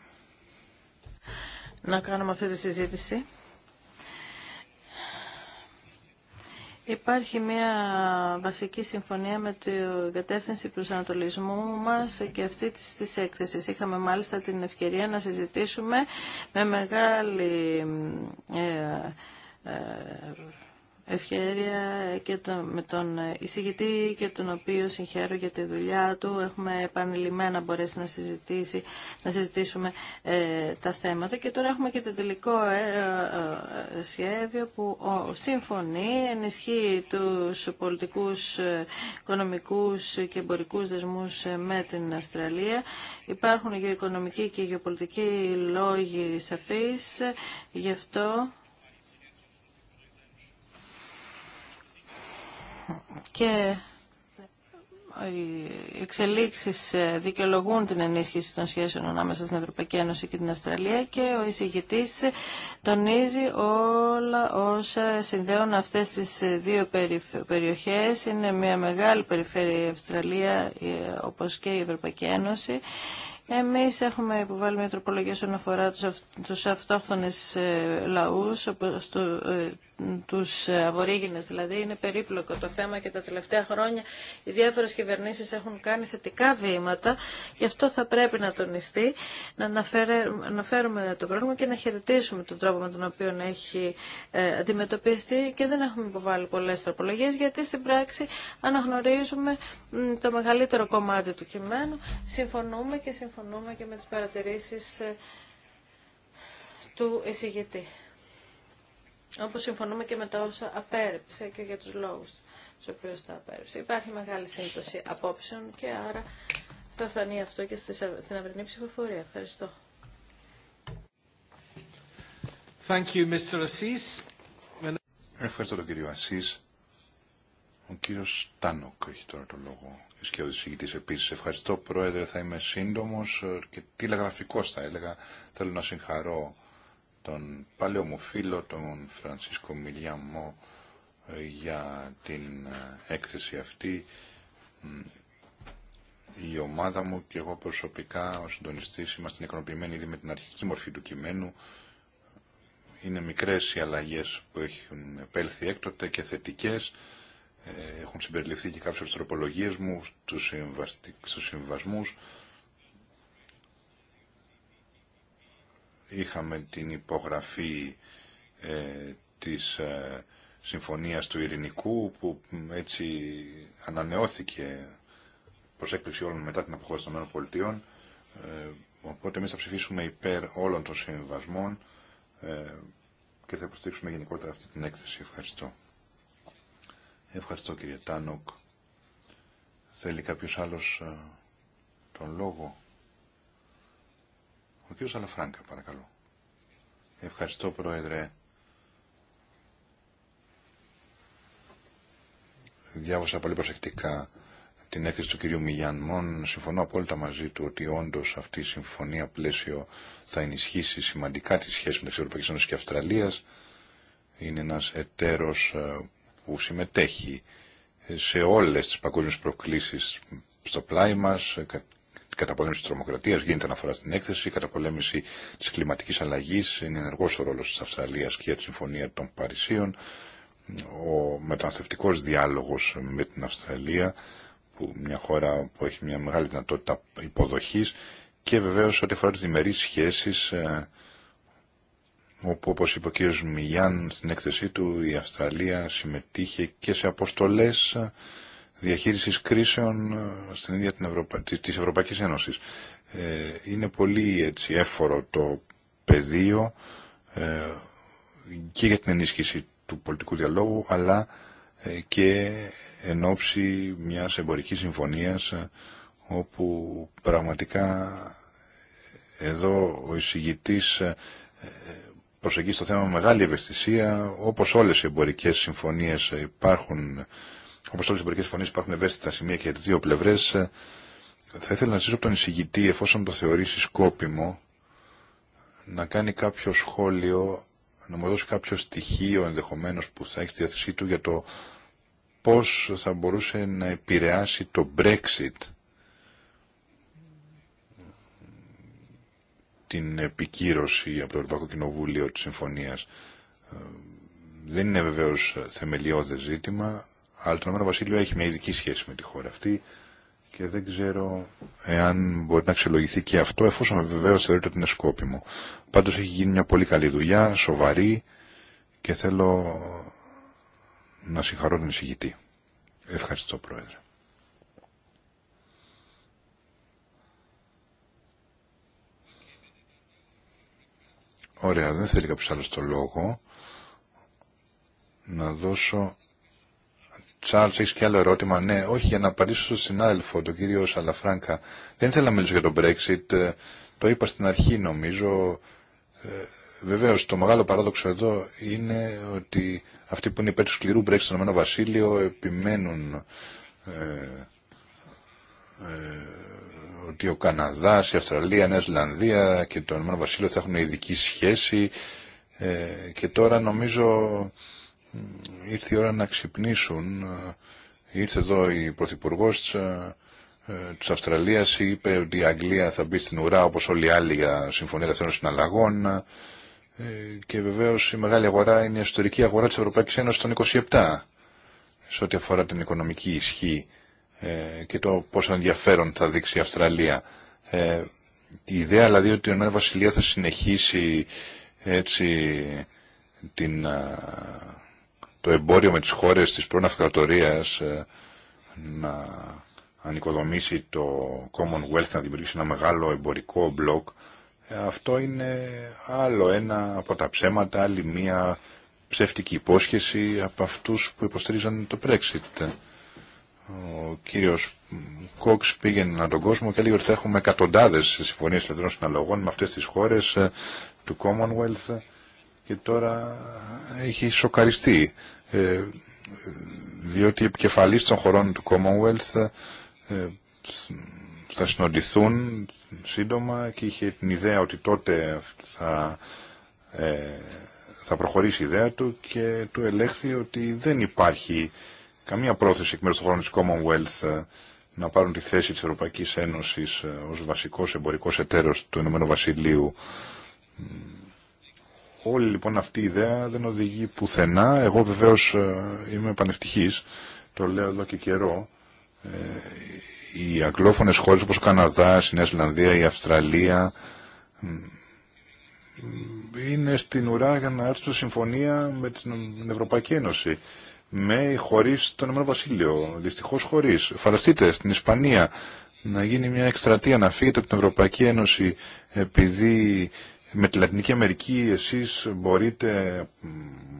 Να κάνουμε αυτή τη συζήτηση. Υπάρχει μια βασική συμφωνία με την κατεύθυνση ανατολισμού μας και αυτή της, της έκθεσης. Είχαμε μάλιστα την ευκαιρία να συζητήσουμε με μεγάλη ε, ε ευχαίρεια και με τον εισηγητή και τον οποίο συγχαίρω για τη δουλειά του. Έχουμε επανειλημμένα μπορέσει να, συζητήσει, να συζητήσουμε ε, τα θέματα και τώρα έχουμε και το τελικό ε, ε, ε σχέδιο που ο, συμφωνεί, ενισχύει τους πολιτικούς, οικονομικούς και εμπορικούς δεσμούς με την Αυστραλία. Υπάρχουν γεωοικονομικοί και γεωπολιτικοί λόγοι σαφείς, γι' αυτό και οι εξελίξεις ε, δικαιολογούν την ενίσχυση των σχέσεων ανάμεσα στην Ευρωπαϊκή Ένωση και την Αυστραλία και ο εισηγητής τονίζει όλα όσα συνδέουν αυτές τις δύο περιοχές. Είναι μια μεγάλη περιφέρεια η Αυστραλία ε, όπως και η Ευρωπαϊκή Ένωση εμείς έχουμε υποβάλει μια τροπολογία όσον αφορά τους, αυ, τους αυτόχθονες ε, λαούς, όπως το, ε, τους αβορήγινες δηλαδή. Είναι περίπλοκο το θέμα και τα τελευταία χρόνια οι διάφορες κυβερνήσεις έχουν κάνει θετικά βήματα. Γι' αυτό θα πρέπει να τονιστεί, να αναφέρουμε το πρόβλημα και να χαιρετήσουμε τον τρόπο με τον οποίο έχει ε, αντιμετωπιστεί και δεν έχουμε υποβάλει πολλές τροπολογίες γιατί στην πράξη αναγνωρίζουμε το μεγαλύτερο κομμάτι του κειμένου, συμφωνούμε και συμφωνούμε συμφωνούμε και με τις παρατηρήσεις ε, του εισηγητή. Όπως συμφωνούμε και με τα όσα απέρριψε και για τους λόγους στους οποίους τα απέρριψε. Υπάρχει μεγάλη σύντοση απόψεων και άρα θα φανεί αυτό και στην αυρινή ψηφοφορία. Ευχαριστώ. Thank you, Mr. Assis. Ευχαριστώ τον κύριο Ασής. Ο κύριο Τάνοκ έχει τώρα το λόγο. Και ο εισηγητής επίσης. Ευχαριστώ πρόεδρε, θα είμαι σύντομο ε, και τηλεγραφικό, θα έλεγα. Θέλω να συγχαρώ τον παλαιό μου φίλο, τον Φρανσίσκο Μιλιαμό, ε, για την ε, έκθεση αυτή. Η ομάδα μου και εγώ προσωπικά ο συντονιστής είμαστε ικανοποιημένοι ήδη με την αρχική μορφή του κειμένου. Είναι μικρέ οι αλλαγέ που έχουν επέλθει έκτοτε και θετικέ. Ε, έχουν συμπεριληφθεί και κάποιες τροπολογίες μου στους, συμβαστικ... στους συμβασμούς. Είχαμε την υπογραφή ε, της ε, Συμφωνίας του Ειρηνικού που έτσι ανανεώθηκε προς έκπληξη όλων μετά την αποχώρηση των ΗΠΑ. Ε, οπότε εμείς θα ψηφίσουμε υπέρ όλων των συμβασμών ε, και θα υποστηρίξουμε γενικότερα αυτή την έκθεση. Ευχαριστώ. Ευχαριστώ κύριε Τάνοκ. Θέλει κάποιος άλλος ε, τον λόγο. Ο κύριος Αλαφράγκα παρακαλώ. Ευχαριστώ πρόεδρε. Διάβασα πολύ προσεκτικά την έκθεση του κυρίου Μον. Συμφωνώ απόλυτα μαζί του ότι όντω αυτή η συμφωνία πλαίσιο θα ενισχύσει σημαντικά τη σχέση μεταξύ Ευρωπαϊκή Ένωση και Αυστραλία. Είναι ένα εταίρο ε, που συμμετέχει σε όλες τις παγκόσμιες προκλήσεις στο πλάι μας, ε, καταπολέμηση της τρομοκρατίας, γίνεται αναφορά στην έκθεση, καταπολέμηση της κλιματικής αλλαγής, είναι ενεργός ο ρόλος της Αυστραλίας και για τη Συμφωνία των Παρισίων, ο μεταναστευτικός διάλογος με την Αυστραλία, που μια χώρα που έχει μια μεγάλη δυνατότητα υποδοχής και βεβαίως ό,τι αφορά τις διμερείς σχέσεις ε, όπου όπως είπε ο κ. Μιγιάν στην έκθεσή του η Αυστραλία συμμετείχε και σε αποστολές διαχείρισης κρίσεων ε, στην ίδια την Ευρωπα... της Ευρωπαϊκής Ένωσης. Ε, είναι πολύ έτσι, έφορο το πεδίο ε, και για την ενίσχυση του πολιτικού διαλόγου αλλά και εν ώψη μιας εμπορικής συμφωνίας όπου πραγματικά εδώ ο εισηγητής προσεγγίσει το θέμα με μεγάλη ευαισθησία, όπως όλες οι εμπορικές συμφωνίες υπάρχουν, όπως όλες οι εμπορικές συμφωνίες υπάρχουν ευαίσθητα σημεία και τις δύο πλευρές. Θα ήθελα να ζήσω από τον εισηγητή, εφόσον το θεωρήσει σκόπιμο, να κάνει κάποιο σχόλιο, να μου δώσει κάποιο στοιχείο ενδεχομένω που θα έχει στη διάθεσή του για το πώς θα μπορούσε να επηρεάσει το Brexit την επικύρωση από το Ευρωπαϊκό Κοινοβούλιο της Συμφωνίας. Ε, δεν είναι βεβαίως θεμελιώδες ζήτημα, αλλά το Ηνωμένο Βασίλειο έχει μια ειδική σχέση με τη χώρα αυτή και δεν ξέρω εάν μπορεί να αξιολογηθεί και αυτό, εφόσον βεβαίως θεωρείται ότι είναι σκόπιμο. Πάντως έχει γίνει μια πολύ καλή δουλειά, σοβαρή και θέλω να συγχαρώ τον εισηγητή. Ευχαριστώ Πρόεδρε. Ωραία, δεν θέλει κάποιος άλλος το λόγο. Να δώσω... Τσάρλς, έχεις και άλλο ερώτημα. Ναι, όχι, για να απαντήσω στον συνάδελφο, τον κύριο Σαλαφράνκα. Δεν ήθελα να μιλήσω για τον Brexit. Ε, το είπα στην αρχή, νομίζω. Ε, βεβαίως, το μεγάλο παράδοξο εδώ είναι ότι αυτοί που είναι υπέρ του σκληρού Brexit στον Βασίλειο επιμένουν ε, ότι ο Καναδάς, η Αυστραλία, η Νέα Ζηλανδία και το Ηνωμένο Βασίλειο θα έχουν ειδική σχέση ε, και τώρα νομίζω ήρθε η ώρα να ξυπνήσουν. Ε, ήρθε εδώ η Πρωθυπουργό τη ε, Αυστραλία, είπε ότι η Αγγλία θα μπει στην ουρά όπω όλοι οι άλλοι για συμφωνία δευτερών συναλλαγών. Ε, και βεβαίω η μεγάλη αγορά είναι η εσωτερική αγορά τη Ευρωπαϊκή Ένωση των 27 σε ό,τι αφορά την οικονομική ισχύ ε, και το πόσο ενδιαφέρον θα δείξει η Αυστραλία. Ε, η ιδέα δηλαδή ότι η Βασιλεία θα συνεχίσει έτσι το εμπόριο με τις χώρες της πρώην ε, να ανοικοδομήσει το Commonwealth, να δημιουργήσει ένα μεγάλο εμπορικό μπλοκ, αυτό είναι άλλο ένα από τα ψέματα, άλλη μία ψεύτικη υπόσχεση από αυτούς που υποστήριζαν το Brexit. Ο κύριος Κόξ πήγαινε να τον κόσμο και έλεγε ότι θα έχουμε εκατοντάδες συμφωνίες ελευθερών συναλλαγών με αυτές τις χώρες ε, του Commonwealth ε, και τώρα έχει σοκαριστεί ε, διότι οι επικεφαλείς των χωρών του Commonwealth θα συνοντηθούν σύντομα και είχε την ιδέα ότι τότε θα, θα προχωρήσει η ιδέα του και του ελέγχθη ότι δεν υπάρχει καμία πρόθεση εκ μέρου των χωρών της Commonwealth ε, να πάρουν τη θέση της Ευρωπαϊκής Ένωσης ε, ως βασικός εμπορικός εταίρος του Ηνωμένου Βασιλείου. Όλη λοιπόν αυτή η ιδέα δεν οδηγεί πουθενά. Εγώ βεβαίω ε, είμαι πανευτυχή, το λέω εδώ και καιρό. Οι αγγλόφωνε χώρες όπως ο Καναδάς, η Νέα Ζηλανδία, η Αυστραλία είναι στην ουρά για να έρθουν συμφωνία με την Ευρωπαϊκή Ένωση με ή χωρίς τον Ηνωμένο Βασίλειο. Δυστυχώ χωρίς. Φανταστείτε στην Ισπανία να γίνει μια εκστρατεία να φύγετε από την Ευρωπαϊκή Ένωση επειδή με τη Λατινική Αμερική εσείς μπορείτε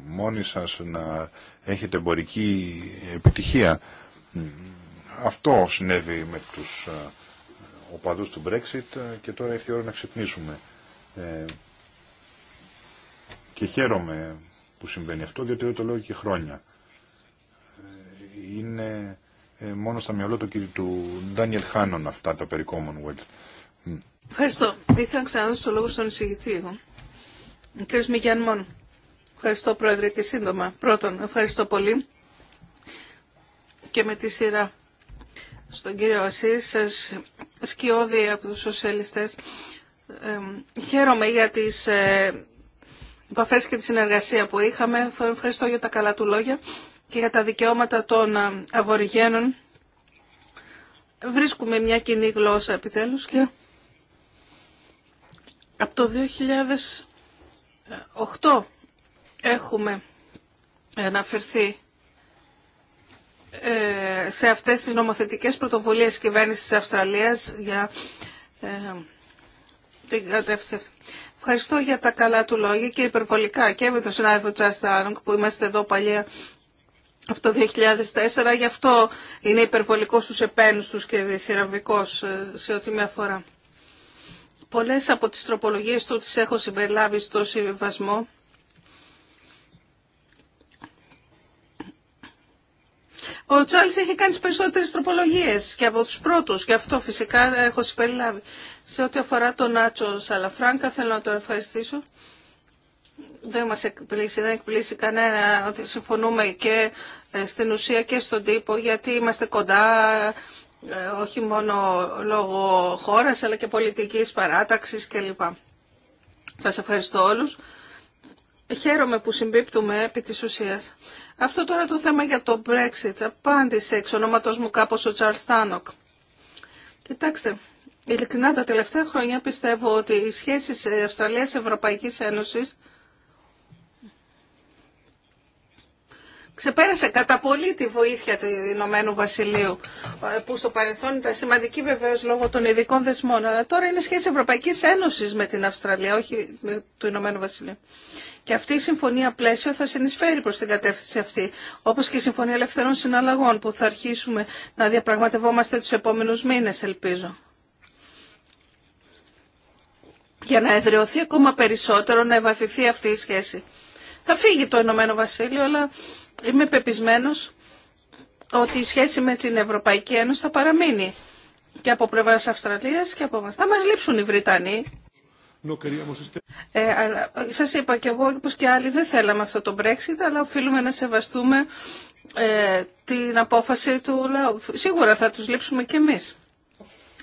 μόνοι σα να έχετε εμπορική επιτυχία. Αυτό συνέβη με τους ε, οπαδούς του Brexit και τώρα ήρθε η ώρα να ξυπνήσουμε. Ε, και χαίρομαι που συμβαίνει αυτό, γιατί το λέω και χρόνια είναι ε, μόνο στα μυαλό του, του Ντάνιελ Χάνον αυτά τα περί Commonwealth. Ευχαριστώ. Ήθελα να ξαναδώσω το λόγο στον εισηγητή Ο Κύριε Μικιάν Ευχαριστώ Πρόεδρε και σύντομα. Πρώτον, ευχαριστώ πολύ και με τη σειρά στον κύριο Ασής, σας σκιώδη από τους σοσιαλιστές. Ε, χαίρομαι για τις ε, επαφές και τη συνεργασία που είχαμε. Ευχαριστώ για τα καλά του λόγια και για τα δικαιώματα των ε, αβοριγένων βρίσκουμε μια κοινή γλώσσα επιτέλους και από το 2008 έχουμε αναφερθεί ε, σε αυτές τις νομοθετικές πρωτοβουλίες της κυβέρνησης της Αυστραλίας για ε, την κατεύθυνση αυτή. Ευχαριστώ για τα καλά του λόγια και υπερβολικά και με τον συνάδελφο Τσάστα που είμαστε εδώ παλιά από το 2004, γι' αυτό είναι υπερβολικό στους επένους τους και διθυραμβικός ε, σε ό,τι με αφορά. Πολλές από τις τροπολογίες του τις έχω συμπεριλάβει στο συμβασμό. Ο Τσάλις έχει κάνει περισσότερες τροπολογίες και από τους πρώτους, γι' αυτό φυσικά έχω συμπεριλάβει. Σε ό,τι αφορά τον Νάτσο Σαλαφράνκα, θέλω να τον ευχαριστήσω δεν μας εκπλήσει, δεν εκπλήσει κανένα ότι συμφωνούμε και ε, στην ουσία και στον τύπο γιατί είμαστε κοντά ε, όχι μόνο λόγω χώρας αλλά και πολιτικής παράταξης κλπ. Σας ευχαριστώ όλους. Χαίρομαι που συμπίπτουμε επί της ουσίας. Αυτό τώρα το θέμα για το Brexit. Απάντησε εξ ονόματος μου κάπως ο Τσαρ Στάνοκ. Κοιτάξτε, ειλικρινά τα τελευταία χρόνια πιστεύω ότι οι σχέσεις Αυστραλίας-Ευρωπαϊκής Ένωσης ξεπέρασε κατά πολύ τη βοήθεια του Ηνωμένου Βασιλείου, ε, που στο παρελθόν ήταν σημαντική βεβαίω λόγω των ειδικών δεσμών, αλλά τώρα είναι σχέση Ευρωπαϊκή Ένωση με την Αυστραλία, όχι με του Ηνωμένου Βασιλείου. Και αυτή η συμφωνία πλαίσιο θα συνεισφέρει προς την κατεύθυνση αυτή, όπως και η Συμφωνία Ελευθερών Συναλλαγών, που θα αρχίσουμε να διαπραγματευόμαστε τους επόμενους μήνες, ελπίζω για να εδραιωθεί ακόμα περισσότερο, να ευαφηθεί αυτή η σχέση. Θα φύγει το Ηνωμένο Βασίλειο, αλλά Είμαι πεπισμένος ότι η σχέση με την Ευρωπαϊκή Ένωση θα παραμείνει και από πλευρά Αυστραλίας και από εμά. Θα μας λείψουν οι Βρετανοί. Ε, είπα και εγώ, όπω και άλλοι, δεν θέλαμε αυτό το Brexit, αλλά οφείλουμε να σεβαστούμε ε, την απόφαση του λαού. Σίγουρα θα τους λείψουμε κι εμείς.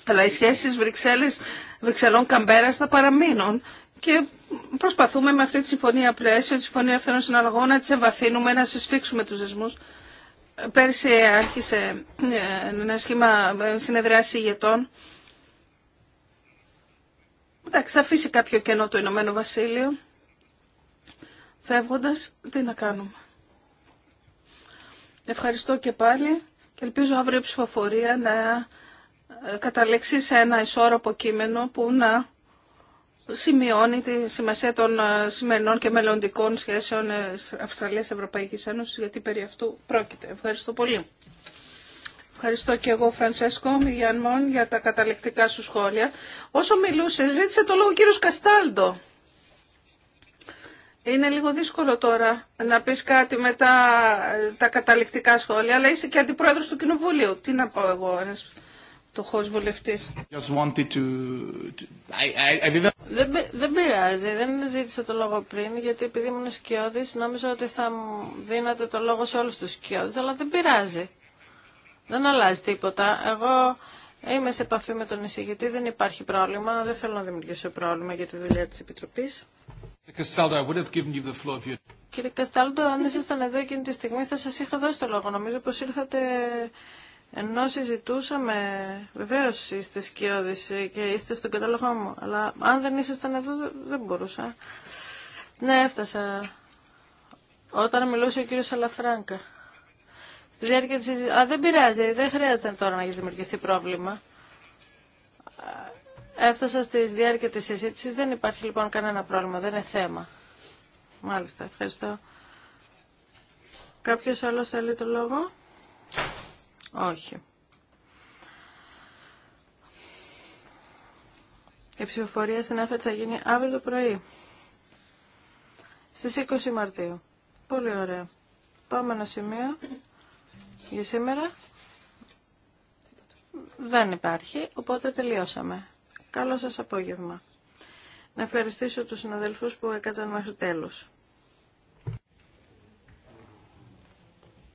Αλλά οι σχέσεις βρυξελλων Βρυξελών θα παραμείνουν και προσπαθούμε με αυτή τη συμφωνία πλαίσιο, τη συμφωνία ευθύνων συναλλαγών, να τι εμβαθύνουμε, να συσφίξουμε του δεσμού. Πέρσι άρχισε ε, ένα σχήμα ε, συνεδριάση ηγετών. Εντάξει, θα αφήσει κάποιο κενό το Ηνωμένο Βασίλειο. Φεύγοντα, τι να κάνουμε. Ευχαριστώ και πάλι και ελπίζω αύριο η ψηφοφορία να ε, καταλήξει σε ένα ισόρροπο κείμενο που να σημειώνει τη σημασία των ε, σημερινών και μελλοντικών σχέσεων ε, Αυστραλίας-Ευρωπαϊκής Ένωσης, γιατί περί αυτού πρόκειται. Ευχαριστώ πολύ. Ευχαριστώ και εγώ, Φρανσέσκο Μιγιανμόν, για τα καταληκτικά σου σχόλια. Όσο μιλούσε, ζήτησε το λόγο ο κύριος Καστάλντο. Είναι λίγο δύσκολο τώρα να πεις κάτι μετά ε, τα καταληκτικά σχόλια, αλλά είσαι και αντιπρόεδρος του Κοινοβουλίου. Τι να πω εγώ, φτωχός βουλευτής. Δεν, πειράζει, δεν ζήτησα το λόγο πριν, γιατί επειδή ήμουν σκιώδης, νόμιζα ότι θα μου δίνατε το λόγο σε όλους τους σκιώδης, αλλά δεν πειράζει. Δεν αλλάζει τίποτα. Εγώ είμαι σε επαφή με τον εισηγητή, δεν υπάρχει πρόβλημα, δεν θέλω να δημιουργήσω πρόβλημα για τη δουλειά της Επιτροπής. Κύριε Καστάλντο, αν ήσασταν εδώ εκείνη τη στιγμή θα σας είχα δώσει το λόγο. Νομίζω πως ήρθατε ενώ συζητούσαμε, βεβαίω είστε σκιώδη και είστε στον κατάλογό μου, αλλά αν δεν ήσασταν εδώ δεν μπορούσα. Ναι, έφτασα όταν μιλούσε ο κύριος Αλαφράγκα. Στη διάρκεια της Α, δεν πειράζει, δεν χρειάζεται τώρα να έχει δημιουργηθεί πρόβλημα. Έφτασα στη διάρκεια της συζήτηση, δεν υπάρχει λοιπόν κανένα πρόβλημα, δεν είναι θέμα. Μάλιστα, ευχαριστώ. Κάποιος άλλος θέλει το λόγο. Όχι. Η ψηφοφορία στην ΑΦΕΤ θα γίνει αύριο το πρωί. Στις 20 Μαρτίου. Πολύ ωραία. Πάμε ένα σημείο για σήμερα. Δεν υπάρχει, οπότε τελειώσαμε. Καλό σας απόγευμα. Να ευχαριστήσω τους συναδελφούς που έκατσαν μέχρι τέλους.